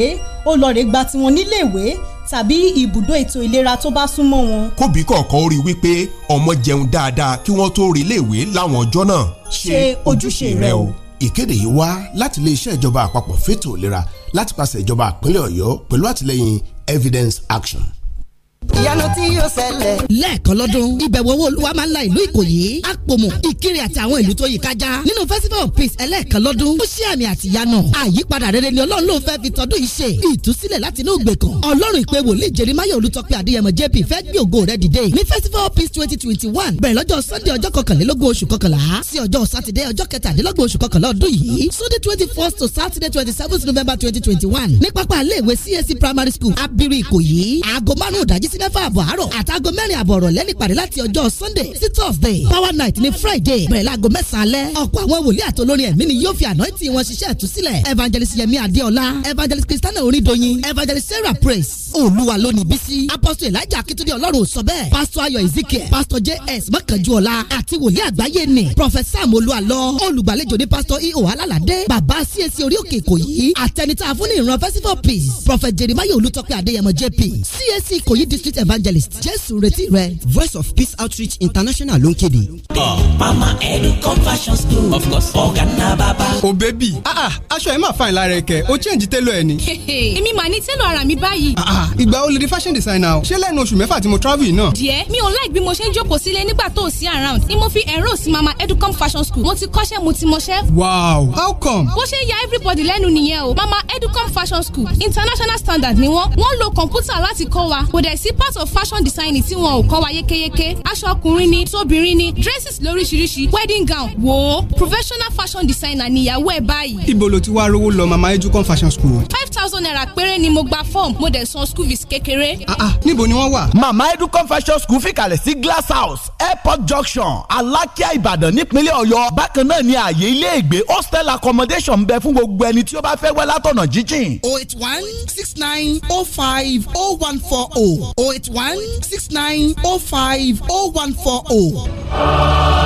ó lọ rè gba tiwọn nílé ìwé tàbí ibùdó ètò ìlera tó bá súnmọ́ wọn. kóbì kọ̀ọ̀kan ó rí wípé ọmọ jẹun dáadáa kí wọ́n tó rí iléèwé láwọn ọjọ́ náà. ṣe ojúṣe rẹ o ìkéde yìí wá láti iléeṣẹ́ ìjọba àpapọ̀ fẹ́tò ìlera láti pàṣẹ ìjọba ìpínlẹ̀ ọ̀yọ́ pẹ̀lú àtìlẹ́yìn evidence action ìyanu tí yóò ṣẹlẹ̀. lẹ́ẹ̀kan lọ́dún ìbẹ̀wò owó olúwa máa ń la ìlú ìkòyí àpòmù ìkirè àti àwọn ìlú tó yí kájá nínú festival of peace ẹlẹ́ẹ̀kan lọ́dún ó ṣí àmì àti ìyanu àyípadà rere ni ọlọ́run ló ń fẹ́ fi tọdún yìí ṣe ìtúsílẹ̀ láti inú ìgbèkùn ọlọ́run ìpè wòlíì jerimáyọ̀ olùtọ́pẹ́ adéyẹmọ jp fẹ́ gbé ògo rẹ̀ dìde ní festival of peace twenty twenty one bẹ̀rẹ̀ lọ́jọ́ sunday ọjọ́ kọkànlélógún oṣù kọkànlá sí ọjọ́ sátidé ọjọ́ kẹtàdínlógún oṣù kọkànlá ọdún yìí sunday to saturday twenty november twenty twenty one ní pápá csc e primary school abiri ìkòyí aago márùn sí mẹ́fà àbọ̀ àárọ̀ àtàgọ́ mẹ́rin àbọ̀ ọ̀rọ̀ lẹ́ni pàdé láti ọjọ́ sunday sí thursday power night ní friday bẹ̀rẹ̀ láago mẹ́sàn-án alẹ́ ọ̀pọ̀ àwọn wòlíì àtolórin ẹ̀mí ni yóò fi ànáìtì wọn ṣiṣẹ́ ìtúsílẹ̀ evangelist yemi adeola evangelist christiana orindoyin evangelist sarah praise olúwa lónìí bísí apostle elijah akitunde ọlọ́run sọ bẹ́ẹ̀ pastor ayọ̀ ezekiel pastor js mọ́kànjúọlá àti wòlíì àgbáyé ni professor amolúwa lọ olùgbàlejò ní pastor iho e alalade bàbá cac e orí òkè ìkòyí àtẹnitá fún ní ìran festival peace prophet jeremiah olùtọ́pẹ́ adéyẹmọ jp cac e ìkòyí district street evangelist jésù retí rẹ voice of peace outreach international ló ń kéde. mama Edu fashion school of course ọ̀gá ná bàbá. o oh, bẹ́bí ah, ah, aṣọ ẹ̀ máa fa ìlara ẹ̀kẹ́ o change télò ẹ̀ ni. [LAUGHS] èmi mà ní télò ara mi báyìí. Ah, ìgbà o lè di fashion designer o ṣé lẹ́nu oṣù mẹ́fà tí mo travel yìí náà. díẹ̀ mi ò like bí mo ṣe ń jókòó sílé nígbà tó o sí around ni mo fi ẹ̀rọ sí mama Edu fashion school mo ti kọ́ṣẹ́ mo ti mọṣẹ́. wow how come. bó ṣe ya everybody lẹ́nu nìyẹn o mama Edu fashion school international standard ni wọ́n wọ́n lo kọ̀ǹpútà láti kọ́ wa kò dẹ̀ sí sí part of fashion designing tí wọn ò kọ́ wa yékéyéké aṣọ ọkùnrin ni tóbìnrin ni dresses lóríṣiríṣi wedding gown wò professional fashion designer níyàwó ẹ̀ báyìí. ibo lo ti wá rówó lọ mama ejukon fashion school. five thousand naira péré ni mo gba fọ́ọ̀mù mo dẹ̀ san school fees kékeré. ah ah níbo ni wọ́n wà. mama ejukon fashion school fìkàlẹ̀ sí glass house airport junction alákíá ìbàdàn nípínlẹ̀ ọ̀yọ́ bákan náà ni ààyè ilé ìgbé hostel accommodation ń bẹ fún gbogbo ẹni tí ó bá fẹ́ wẹ́ látọ̀nà jíjìn. oh eight one six nine oh five oh one four oh oh eight one six nine oh five oh one four oh.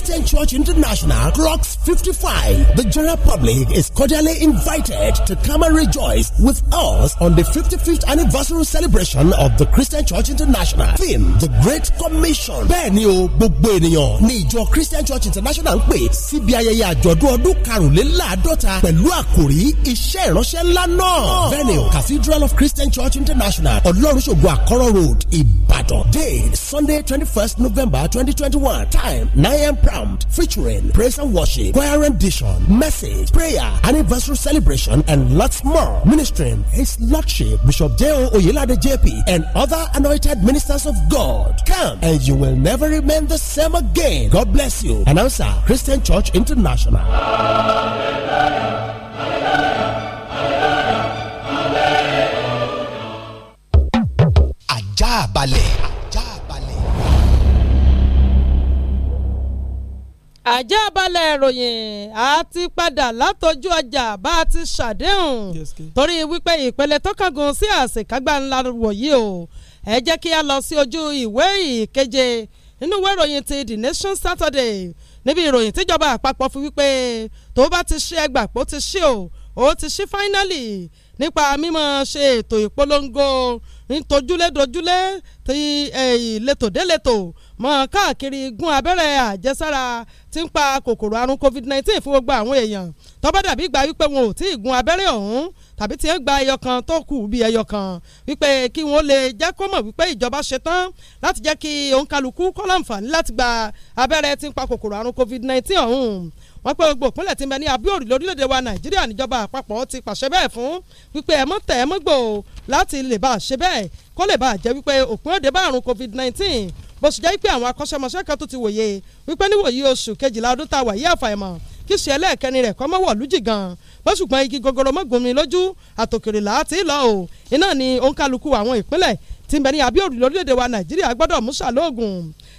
Christian Church International clocks 55. The general public is cordially invited to come and rejoice with us on the 55th anniversary celebration of the Christian Church International. Theme: The Great Commission. Benio o, gbogbo Christian Church International ń pè síbi ayẹyẹ àjọ̀dún ọdún karùnléláàádọ́ta pẹ̀lú àkòrí iṣẹ́ ìránṣẹ́ ńlá náà. Venue: Cathedral of Christian Church International, on Olórùṣògo Àkọ́rọ́ Road, Ìbàdàn. Day: Sunday 21st November 2021. Time: 9 a.m. programmed featuring praise and worship, choir rendition, message, prayer, anniversary celebration, and lots more. Ministering His Lordship, Bishop J.O. Oyelade JP, and other anointed ministers of God. Come and you will never remain the same again. God bless you. Announcer Christian Church International. Alleluia, àjàbalẹ̀ ìròyìn àti padà látọjú ọjà bá a ti ṣàdéhùn torí wípé ìpele tó kángun sí àṣekágbá ńlá wọ̀nyí o ẹ jẹ́ kí a lọ sí ojú ìwé ìkeje nínú ìwé ìròyìn ti The Nation Saturday níbi ìròyìn tíjọba àpapọ̀ fi wípé tó bá ti ṣe ẹgbàá pó ti ṣe o ó ti ṣe finally nípa mímọ ṣe ètò ìpolongo nítòjúlédojúlé ti ìletòdéletò mọ káàkiri igun abẹ́rẹ́ àjẹsára tí ń pa kòkòrò àrùn covid-19 fún gbogbo àwọn èèyàn tó bá dàbí gbà wípé wọn ò tí ì gun abẹ́rẹ́ ọ̀hún tàbí tí ń gba ẹyọ kan tó kù bí ẹyọ kan wípé kí wọ́n lè jẹ́ kó mọ̀ wípé ìjọba ṣetán láti jẹ́ kí òǹkàlùkù kó láǹfààní láti gba abẹ́rẹ́ tí ń pa kòkòrò àrùn covid-19 ọ̀hún wọ́n pé gbogbo ìpínlẹ̀ tí ń bẹ ní abíòrì lórílẹ̀‐èdè wa nàìjíríà níjọba àpapọ̀ ti pàṣẹ bẹ́ẹ̀ fún wípé ẹ mọ́ tẹ̀ ẹ mọ́ gbò láti lè bá a ṣe bẹ́ẹ̀ kó lè bá a jẹ́ wípé òpin òde bá àrùn covid-19 bó ṣe jẹ́ wípé àwọn akọ́ṣẹ́mọṣẹ́ kan tó ti wòye wípé níwòyí oṣù kejìlá ọdún tá a wà yí àfàìmọ̀ kí ṣe ẹlẹ́ẹ̀kẹ́ni rẹ̀ kọ́ mọ́wọ́ lùjì gan-an bó ṣùgbọ́n igi gogoro mọ́gun mi lójú àtòkèrè làátì lọ o iná ni òǹkàlùkù àwọn ìpínlẹ̀ tí ń bẹ ní abíòrì lórílẹ̀‐èdè wa nàìjíríà gbọ́dọ̀ mú ṣàlóògùn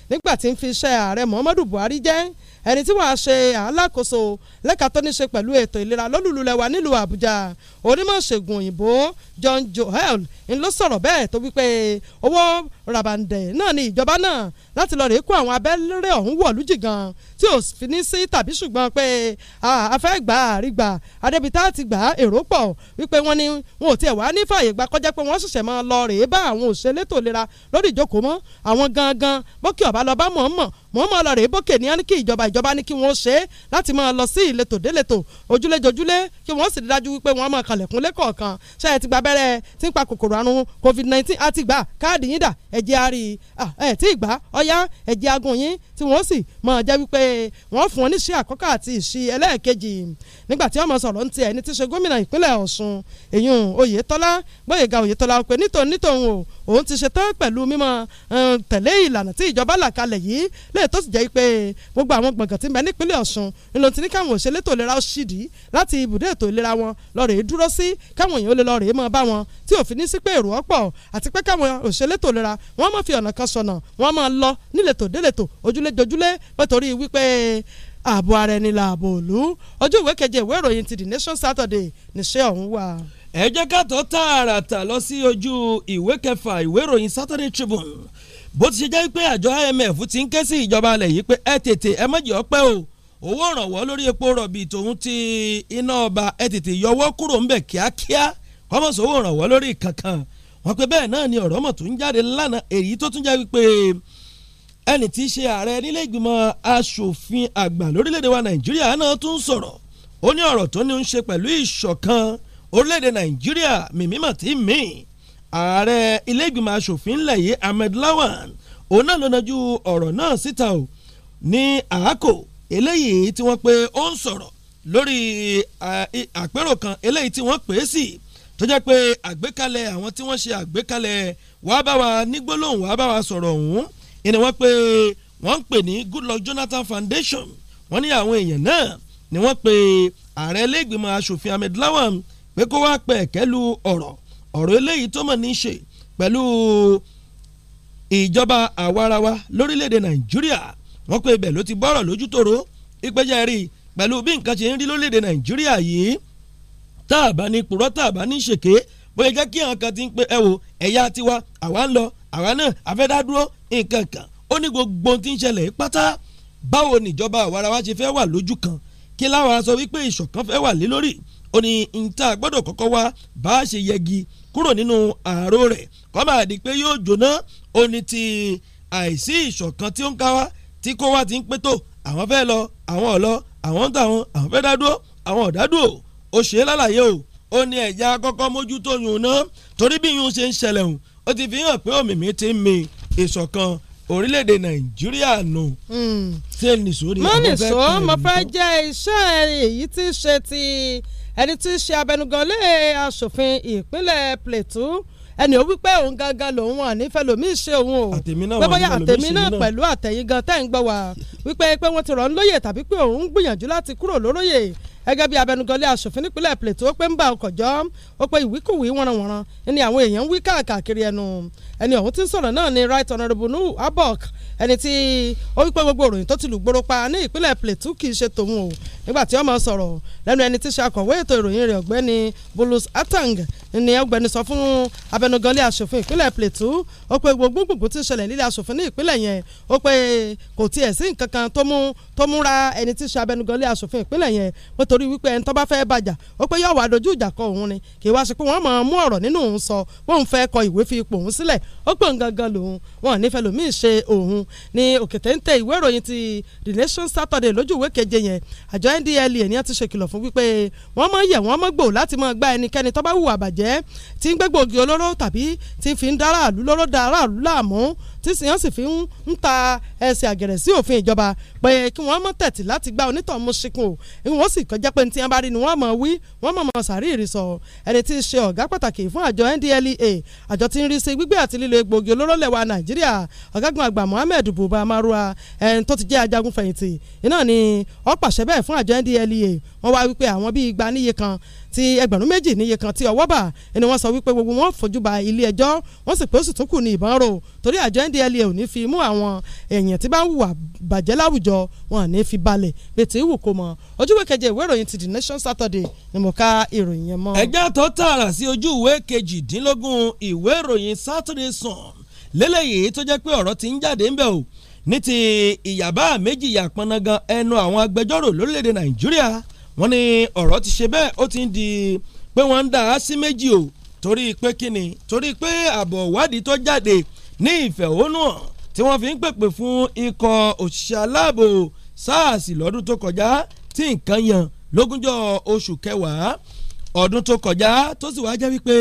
nígbà tí ń fi iṣẹ́ ààrẹ muhammadu buhari jẹ́ ẹni tí wàá ṣe alákòóso lẹ́ka tó ní ṣe pẹ̀lú ètò ìlera lólùlulẹ̀ wa nílùú àbújá onímọ̀ṣègùn òyìnbó john joel ń ló sọ̀rọ̀ bẹ́ẹ̀ tó wípé owó ràbàǹdẹ̀ náà ni ìjọba náà láti lọ́ọ́ rèé kó àwọn abẹ́rẹ́ ọ̀hún wọ̀lú jì gan tí ò fi ní sí tàbí ṣùgbọ́n pé afẹ́ gbà àrígbà adébítà ti gbà èrò pọ̀ wípé wọ́n ní wọn ò tiẹ̀ wá ní fàyè gbà kọjá pé wọ́n ṣẹ̀ṣẹ̀ máa lọ rèé bá àwọn òṣèlè tó lera lórí ìjókòó mọ́ àwọn gangan bókè ọ̀bá lọ bá mọ̀ọ́mọ̀ mọ̀ọ́mọ̀ lọ rèé bókè ní á ní kí ìjọba ìjọba ní kí wọ́n ṣe é láti máa lọ sí ìletò déletò ojúlé-jojúlé kí wọ́n sì dájú wípé wọ́n máa kalẹ̀kùn lẹ́kọ̀ọ̀kan ṣe ẹ ti gba abẹ́rẹ́ tí ń pa kòkòrò àrùn covid nineteen á ti gbà káàdì yín dà ẹ̀jẹ̀ àárí ẹ̀ tí ì gbà ọ̀yá ẹ̀jẹ̀ agun yín tí wọ́n sì máa jẹ́ wípé wọ́n fún ọ ní ṣe àkọ́kọ́ àti ìṣe ẹlẹ́ẹ̀kejì nígbà tí ọmọ sọ̀rọ̀ ń ti ẹni tí ṣe gómìnà ìpínlẹ̀ Ọ̀ṣun èyí Oyètọ́lá Gbóyèga Oyètọ́lá pé nítòun nítòun o òun ti ṣetán pẹ̀lú mímọ eh, tẹ̀lé ìlànà tí ìjọba là kalẹ̀ yìí lè tó sì jẹ́ pé gbogbo àwọn gbọ̀ngàn tí ń bẹ nípínlẹ̀ Ọ̀ṣun ńlọ ti ní káwọn òṣèlú ètò ìlera ṣìdí láti ibùdó ètò ìlera wọn lọ́ọ̀rẹ́ dúró sí káwọn èèyàn lè lọ́ọ̀rẹ́ mọ́ bá wọn tí òfin ní sí pé èrò ọ̀pọ̀ àti pé káwọn òṣèlú ètò ìlera wọn máa fi ọ̀nà kan sọ̀nà wọn máa lọ níletò déletò ojúlé jojúlé nítorí wípé ààbò ara ẹni làbò òlú ojú ìwé keje ìwé ìròyìn ti The Nation Saturday níṣẹ́ ọ̀hún wà ẹ jẹ́ ká tọ́ tààràtà lọ sí ojú ìwé kẹfà ìwé ìròyìn Saturday Tribune bó ti ṣe jẹ́ pé àjọ IMF ti ń ké sí ìjọba alẹ̀ yìí pé ẹ tètè ẹ mọ̀jẹ̀ ọpẹ́ o owó ìrànwọ́ lórí epo rọ̀bì tòun ti iná ọba ẹ tètè yọwọ́ kúrò ńbẹ̀ kíákíá kọ́mọ̀sí owó ìrànwọ́ lórí kankan wọ́n pe bẹ́ẹ̀ náà ni ọ̀rọ̀ mọ̀ tó ń jáde lánàá èyí tó tún jẹ́ wípé ẹni tí í ṣe ààrẹ nílé ìgbìmọ̀ asòfin àgbà lórílẹ̀‐èdè wa Nàìjíríà náà tún sọ̀rọ̀ ó ní ọ̀rọ̀ tó ní ń ṣe pẹ̀lú ìṣọ̀kan orílẹ̀-èdè nàìjíríà mímímọ̀ tí mí ààrẹ ilé-ìgbìmọ̀ asòfin ńlẹ̀ yìí ahmed lawan òun náà ló najú ọ̀rọ̀ náà síta o ní àákò eléyìí tí wọ́n pe ó ń sọ̀rọ̀ lórí àpérò kan eléyìí tí wọ́n pè é sí tó jẹ́ pé àgbékalẹ̀ àwọn tí wọ́n ṣe àgbékalẹ̀ wàá bá wa nígbólóhùn wàá bá wa sọ̀rọ̀ ọ̀hún ìní wọ́n pé wọ́n pè ní Goodluck Jonathan Foundation wọ́n ní àwọn èèyàn náà ni wọ́n pe ààrẹ ilé asòfin Ahmed Lawan pé kó wá pẹ̀ kẹ́lu ọ̀rọ̀ ọ̀rọ̀ eléyìí tó mọ̀ ní í ṣe pẹ̀lú ìjọba àwarawa lórílẹ̀‐èdè nàìjíríà wọ́n pé ibẹ̀ ló ti bọ́rọ̀ lójú tòró ìpẹ́jà rí pẹ̀lú bí nǹkan ṣe ń rí lórílẹ̀‐èdè nàìjíríà yìí tá a bá ní purọ́ tá a bá ní ṣèké bóyá jẹ́ kí àwọn kan ti ń pe ẹ ẹ̀yà tiwa àwa ń lọ àwa náà afẹ́dádúró nǹkan kan ó ní gbogbo tí ń ṣẹlẹ̀ pátá báwo níjọba àwarawa ṣe fẹ́ wà lójú kan kí láwọn aṣọ wípé ìṣọ̀kan fẹ́ wà lé lórí ó ní níta gbọ́dọ̀ kọ́kọ́ wá bá a ṣe yẹgi kúrò nínú àárò rẹ̀ kọ́ máa pé yóò jóná ó ní ti àìsí ìṣọ̀kan tí ó ń ká wá tí kó wá ti ń pé tó àwọn fẹ́ lọ àwọn ọ̀lọ́ àwọn ń tàwọn àwọn fẹ́ dádúró àwọn ọ̀dádúró ó ṣe é lálàyé o ó ní ẹ̀já kọ́kọ́ mójútó yùn ná torí bí yùn ṣe ń ṣẹlẹ̀ hùn ó ti fi hàn pé òmìmí ti ń mi ìṣọ̀kan orílẹ̀-èdè nàìjíríà nù. Hmm. ṣé nìṣó ni àwọn fẹ́ kàn yín. mo fẹ́ jẹ́ iṣẹ́ èyí tí ṣe ti ẹni tí í ṣe abẹnugan lé aṣòfin ìpínlẹ̀ Plateau ẹni ó wípé òun gangan lòun wà nífẹ̀ẹ́ lòmí ṣe òun o pé bóyá àtẹ̀mí náà pẹ̀lú àtẹ̀yìn gan tẹ́ ń gbọ́ wá wípé pé wọ́n ti rọ̀ ń lóyè tàbí pé òun gbìyànjú láti kúrò lóróyè gẹ́gẹ́ bí abẹnugan ilé asòfin nípínlẹ̀ Plateau pé ń bá ọkọ̀ jọ ó pé ìwíkùwí wọ̀nranwọ̀nran ni àwọn èèyàn ń wí káàkiri ẹnu ẹni ọ̀hún tí ń sọ̀rọ̀ náà ni right honourable nuhu abok ẹni tí ó wípé gbogbo òròyìn tó ti lù gbòòrò pa ní ìpínlẹ̀ Plateau kì í ṣe tòun o nígbà tí ọmọ sọ̀rọ̀ lẹ́nu ẹni tí ṣe akọ̀wé ètò ìròyìn rẹ̀ ọ̀gbẹ́ni Bulus Atang ni ọ̀gbẹ́ni sọ fún abẹnugan asòfin ìpínlẹ̀ Plateau ó pé gbogbo gbùngbùn tí ṣẹlẹ̀ lílé asòfin ní ìpínlẹ̀ yẹn ó pé kò tiẹ̀ sí nǹkan tó múra ẹni tí ṣe abẹnugan asòfin ìpínlẹ̀ yẹn ó nítorí wípé ẹni tó bá fẹ́ bàjá ó pé yóò wá dojú ìjà kọ òun ni kì í wá sí pé wọ́n máa mú ọ̀rọ̀ nínú òun sọ wọ́n fẹ́ kọ ìwé fi ipò òun sílẹ̀ ó pè ń gangan lòun wọn nífẹ̀ẹ́ lòmíì ṣe òun ni òkè téńté ìwé ìròyìn ti The Nation Saturday lójú ìwé keje yẹn àjọ NDLEA ni wọ́n ti ṣèkìlọ̀ fún wípé wọ́n mọ̀ yẹ̀ wọ́n mọ̀ gbò láti mọ̀ gba ẹnikẹ́ni tó bá hùwà bàjẹ́ tí ń gbégbògi olóró tàbí tí ń fi ń dáráàlú lóró dáráàlú láàmú tí sèyàn sì fi ń ta ẹsẹ̀ àgẹ̀rẹ̀ sí òfin ìjọba pé kí wọ́n mọ̀ tẹ̀tì láti gba onítàn mú ṣikun o wọ́n sì kọjá pé ní tí wọ́n bá rí ni wọ́n mọ̀ wí wọ́n mọ̀ mọ̀ sàríìrì sọ ẹni tí í ṣe ọ̀gá pàtàkì fún àjọ NDLEA àjọ tí ń rí sí gbígbé àti lílo egbògi olóró lẹ̀ wa Nàìjíríà ọ̀gágun àgbà Mohammed Buba Marwa ẹni tó ti jẹ́ ajagun fẹ̀yìntì iná ni ó pàṣẹ bẹ́ẹ̀ fún àjọ NDLEA wọ́n wá wípé àwọn bíi igba níye kan ti ẹgbẹ̀rún méjì níye kan tí ọwọ́ bà ẹni wọ́n sọ wípé gbogbo wọn fojú ba ilé ẹjọ́ wọ́n sì pé ó sì kù ní ìbọn rò torí àjọ NDLEA ò ní fi mú àwọn èèyàn tí bá ń hùwà bàjẹ́ láwùjọ wọn ní fi balẹ̀ bètè ìwò kò mọ̀ ojúwe keje ìwé ìròyìn ti The Nation Saturday ni mo ka ìròyìn yẹn mọ́. ẹgbẹ́ tó tààrà sí ojú ìwé kejìdínlógún ìwé ìròyìn Saturday Sun lélẹ́yìí tó jẹ́ pé ọ̀rọ̀ ti ń jáde ń bẹ̀ o ní ti ìyàbá méjì yàpọ̀nà ẹnu àwọn agbẹjọ́rò lórílẹ̀‐èdè Nàìjíríà wọ́n ní ọ̀rọ̀ ti ṣe bẹ́ẹ̀ ó ti ń di pé wọ́n ń dà á sí méjì o torí pé kíni torí pé àbọ̀ ìwádìí tó jáde ní ìfẹ̀hónúhàn tí wọ́n fi ń pèpè fún ikọ̀ òṣìṣẹ́ aláàbò SARS lọ́dún tó kọjá tí nǹkan yan lógúnjọ́ oṣù kẹwàá ọdún tó kọjá tó sì wá jẹ́ wípé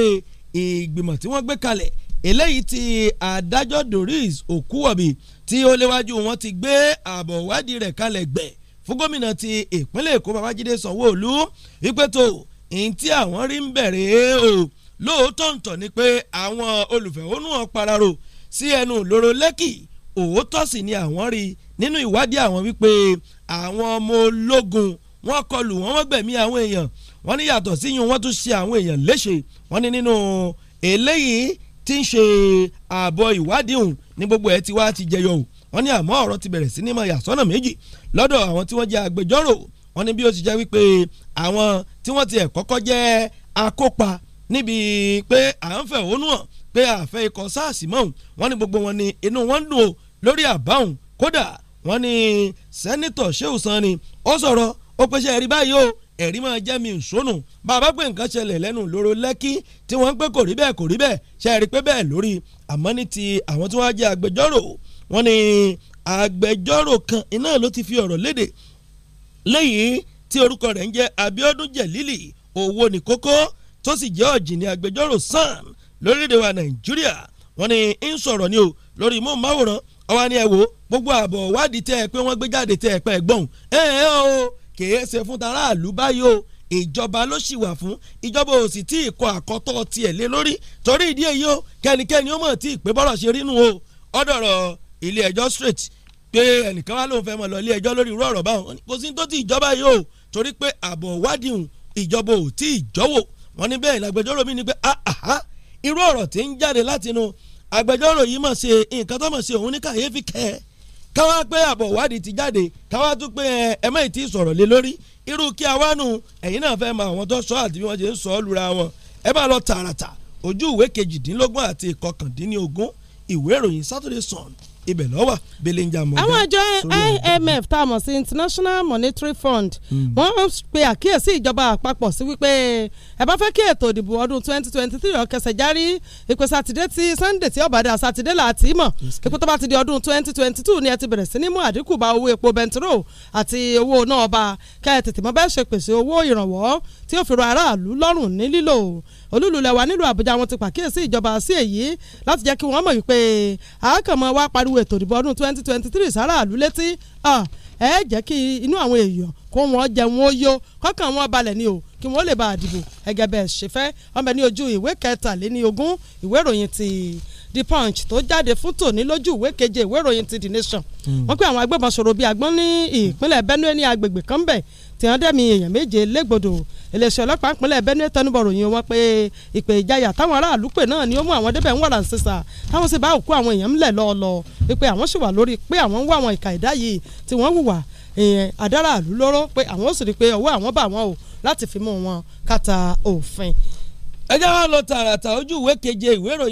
ìgbìmọ̀ tí wọ́n gbé kalẹ̀ eléyìí ti adájọ́ Doris Okuwobi tí ó léwájú wọn ti gbé àbọ̀ ìwádìí rẹ̀ kalẹ̀ gbẹ̀ẹ́ fún gómìnà ti ìpínlẹ̀ èkó babájídé sanwó-olú wípé tó ìyìn tí àwọn rí ń bẹ̀rẹ̀ o lóòótọ́ ǹtọ̀ ni pé àwọn olùfẹ̀hónú hàn pararo sí ẹnu ìloro lẹ́kì òótọ́ sì ni àwọn rí nínú ìwádìí àwọn wípé àwọn ọmọ ológun wọ́n kọlù wọ́n wọ́n gbẹ̀mí àwọn èèyàn wọ́n ní yàtọ̀ sí yín wọ́n tún ṣe àwọn èèyàn léṣe wọ́n ní nínú eléyìí tí ń ṣe ààbọ̀ ìwádìí òun ní gbogbo ẹ̀ tí wá ti jẹyọ o wọ́n ní àmọ́ ọ̀rọ̀ ti bẹ̀rẹ̀ sí ní mọ̀ yàsọ́nà méjì lọ́dọ̀ àwọn tí wọ́n jẹ́ agbẹjọ́rò wọ́n ní bí ó ti jẹ́ wípé àwọn tí wọ́n ti ẹ̀ kọ́kọ́ jẹ́ akópa níbi pé à ń fẹ̀hónú hàn pé àfẹ́ ikọ̀ SARS mọ́hùn wọ́n ní gbogbo wọn ni inú wọn ń dùn o lórí àbáhùn kódà wọ́n ní sẹ́nitọ̀ Shehu Sani ó sọ̀rọ̀ ó pèsè ẹ̀rí báyìí o ẹ̀rí máa jẹ́ mi ìṣónù bàbá pé nǹkan ṣẹlẹ̀ lẹ́nu lóró lẹ́kí tí wọ́n ń pé kò rí bẹ́ẹ̀ kò rí bẹ́ẹ̀ ṣe é rí pé bẹ́ẹ̀ lórí àmọ́ ní ti àwọn tí wọ́n á jẹ́ agbẹjọ́rò wọ́n ní agbẹjọ́rò kan iná ló ti fi ọ̀rọ̀ léde léyìí tí orúkọ rẹ̀ ń jẹ́ Abíọ́dún Jẹ̀lílì owó ní kókó tó sì jẹ́ ọ̀jìnì agbẹjọ́rò SAN lórílẹ̀‐èdè wa Nàìjíríà wọ́n ní ń sọ̀rọ̀ ni o lórí móhùnmáwòrán ọwọ́ ni ẹ wo gbogbo àbọ̀ wádìí tẹ́ ẹ pé wọ́n gbé jáde tẹ́ ẹ pẹ́ gbọ́n ẹ ẹ o kèé ṣe fún taráàlú báyìí o ìjọba ló sì wà fún ìjọba ò sì tí ì kọ àkọ́tọ̀ tiẹ̀ lé lórí torí ìdí èyí o kẹ́nikẹ́ni ó mọ̀ tí ì pé bọ́rọ̀ ṣe rí nù o ọ̀dọ̀rọ̀ ilé ẹjọ́ straight pé ẹnìkan wá lóun fẹ́ mọ̀ lọ ilé ẹjọ́ lórí irú ọ̀rọ̀ báwọn kò sí tó ti ìjọba yìí o torí pé àbọ̀ wádìí ìjọba ò tí ì jọ́wọ́ wọn ní bẹ́ẹ̀ lágbẹjọ́rò mi ni pé aha ah, ah, irú ọ̀rọ̀ tí ń jáde látinú agbẹjọ́rò yìí mọ̀ ṣe nǹkan tó mọ̀ ṣe òun ní kàyéfì kẹ́ ẹ́ káwá pé àbọ̀ wádìí ti jáde káwá tún pé ẹ mọ̀ ìtì sọ̀rọ̀ lé lórí irú kí awánu ẹ̀yin náà fẹ́ mọ àwọn tó sọ àti bí wọ́n ṣe ń sọ lura wọn ẹ bá lọ tààràtà ojú ìwé kejìdínlógún àti ìkọkàndínlógún ìwé ìròyìn Saturday Sun ibẹ̀ lọ́wọ́ bẹ́lẹ̀ ń jà mọ́. àwọn àjọ IMF tá a mọ̀ sí International Monetary Fund hmm. wọ́n ń pe àkíyèsí ìjọba àpapọ̀ sí wípé ẹ bá fẹ́ kí ètò ìdìbò ọdún twenty twenty three ọ̀kẹsẹ̀ járí ìpè sátidé tí Sunday tí ọ̀bàdà sátidé láti mọ̀ ìpè tó bá ti di ọdún twenty twenty two ni ẹ ti bẹ̀rẹ̀ sí ní mú àdínkù bá owó epo bẹntiró àti owó náà bá kẹ́ ẹ tètè mọ́ bẹ́ẹ̀ ṣe pèsè owó ìrànwọ́ tí ó fi rọ aráàlú lọ́rùn ní lílò olúlulẹ̀wà nílùú àbújá wọn ti pàkíyèsí ìjọba sí èyí láti jẹ́ kí wọ́n mọ̀ wípé àákànmọ́ wa pariwo ètò ìdìbò ọdún twenty twenty three sára àlú létí ẹ jẹ́ kí inú àwọn èèyàn kó wọn jẹun ó yó kọ́kàn wọn balẹ̀ ni o kí wọ́n lè bá a dìbò ẹgẹ́ bẹ́ẹ̀ ṣe fẹ́ ọmọ ní ojú ìwé kẹtàléní ogún ìwé ìròyìn ti The Punch tó jáde fún tòní lójú ìwé keje ìwé ìròyìn ti The Nation hmm. wọ́n pé àwọn agbébọn sọ̀rọ̀ bíi agbọ́n ní ìpínlẹ̀ Benue ní agbègbè kan bẹ̀ tí wọ́n dẹ́mi èèyàn méje légbodò iléeṣẹ́ ọlọ́pàá ìpínlẹ̀ Benue tẹnubọ̀ ròyìn wọn pé ìpè ìjayà táwọn aráàlú pè náà ni ó mú àwọn débẹ̀ ń wàrà sísà táwọn sì bá òkú àwọn èèyàn ńlẹ̀ lọ́ọ̀lọ́ pé àwọn sì wà lórí pé àwọn ń wá àwọn ìka ìdá yìí tí wọ́n hùwà èèyàn àdára àlú lóró pé àwọn ó sì rí i pé ọwọ́ àwọn bá wọn o láti fi mú wọn kàtà òfin. ẹ jẹ́ wá lọ tààràtà ojú ìwé keje ìwé ìròyìn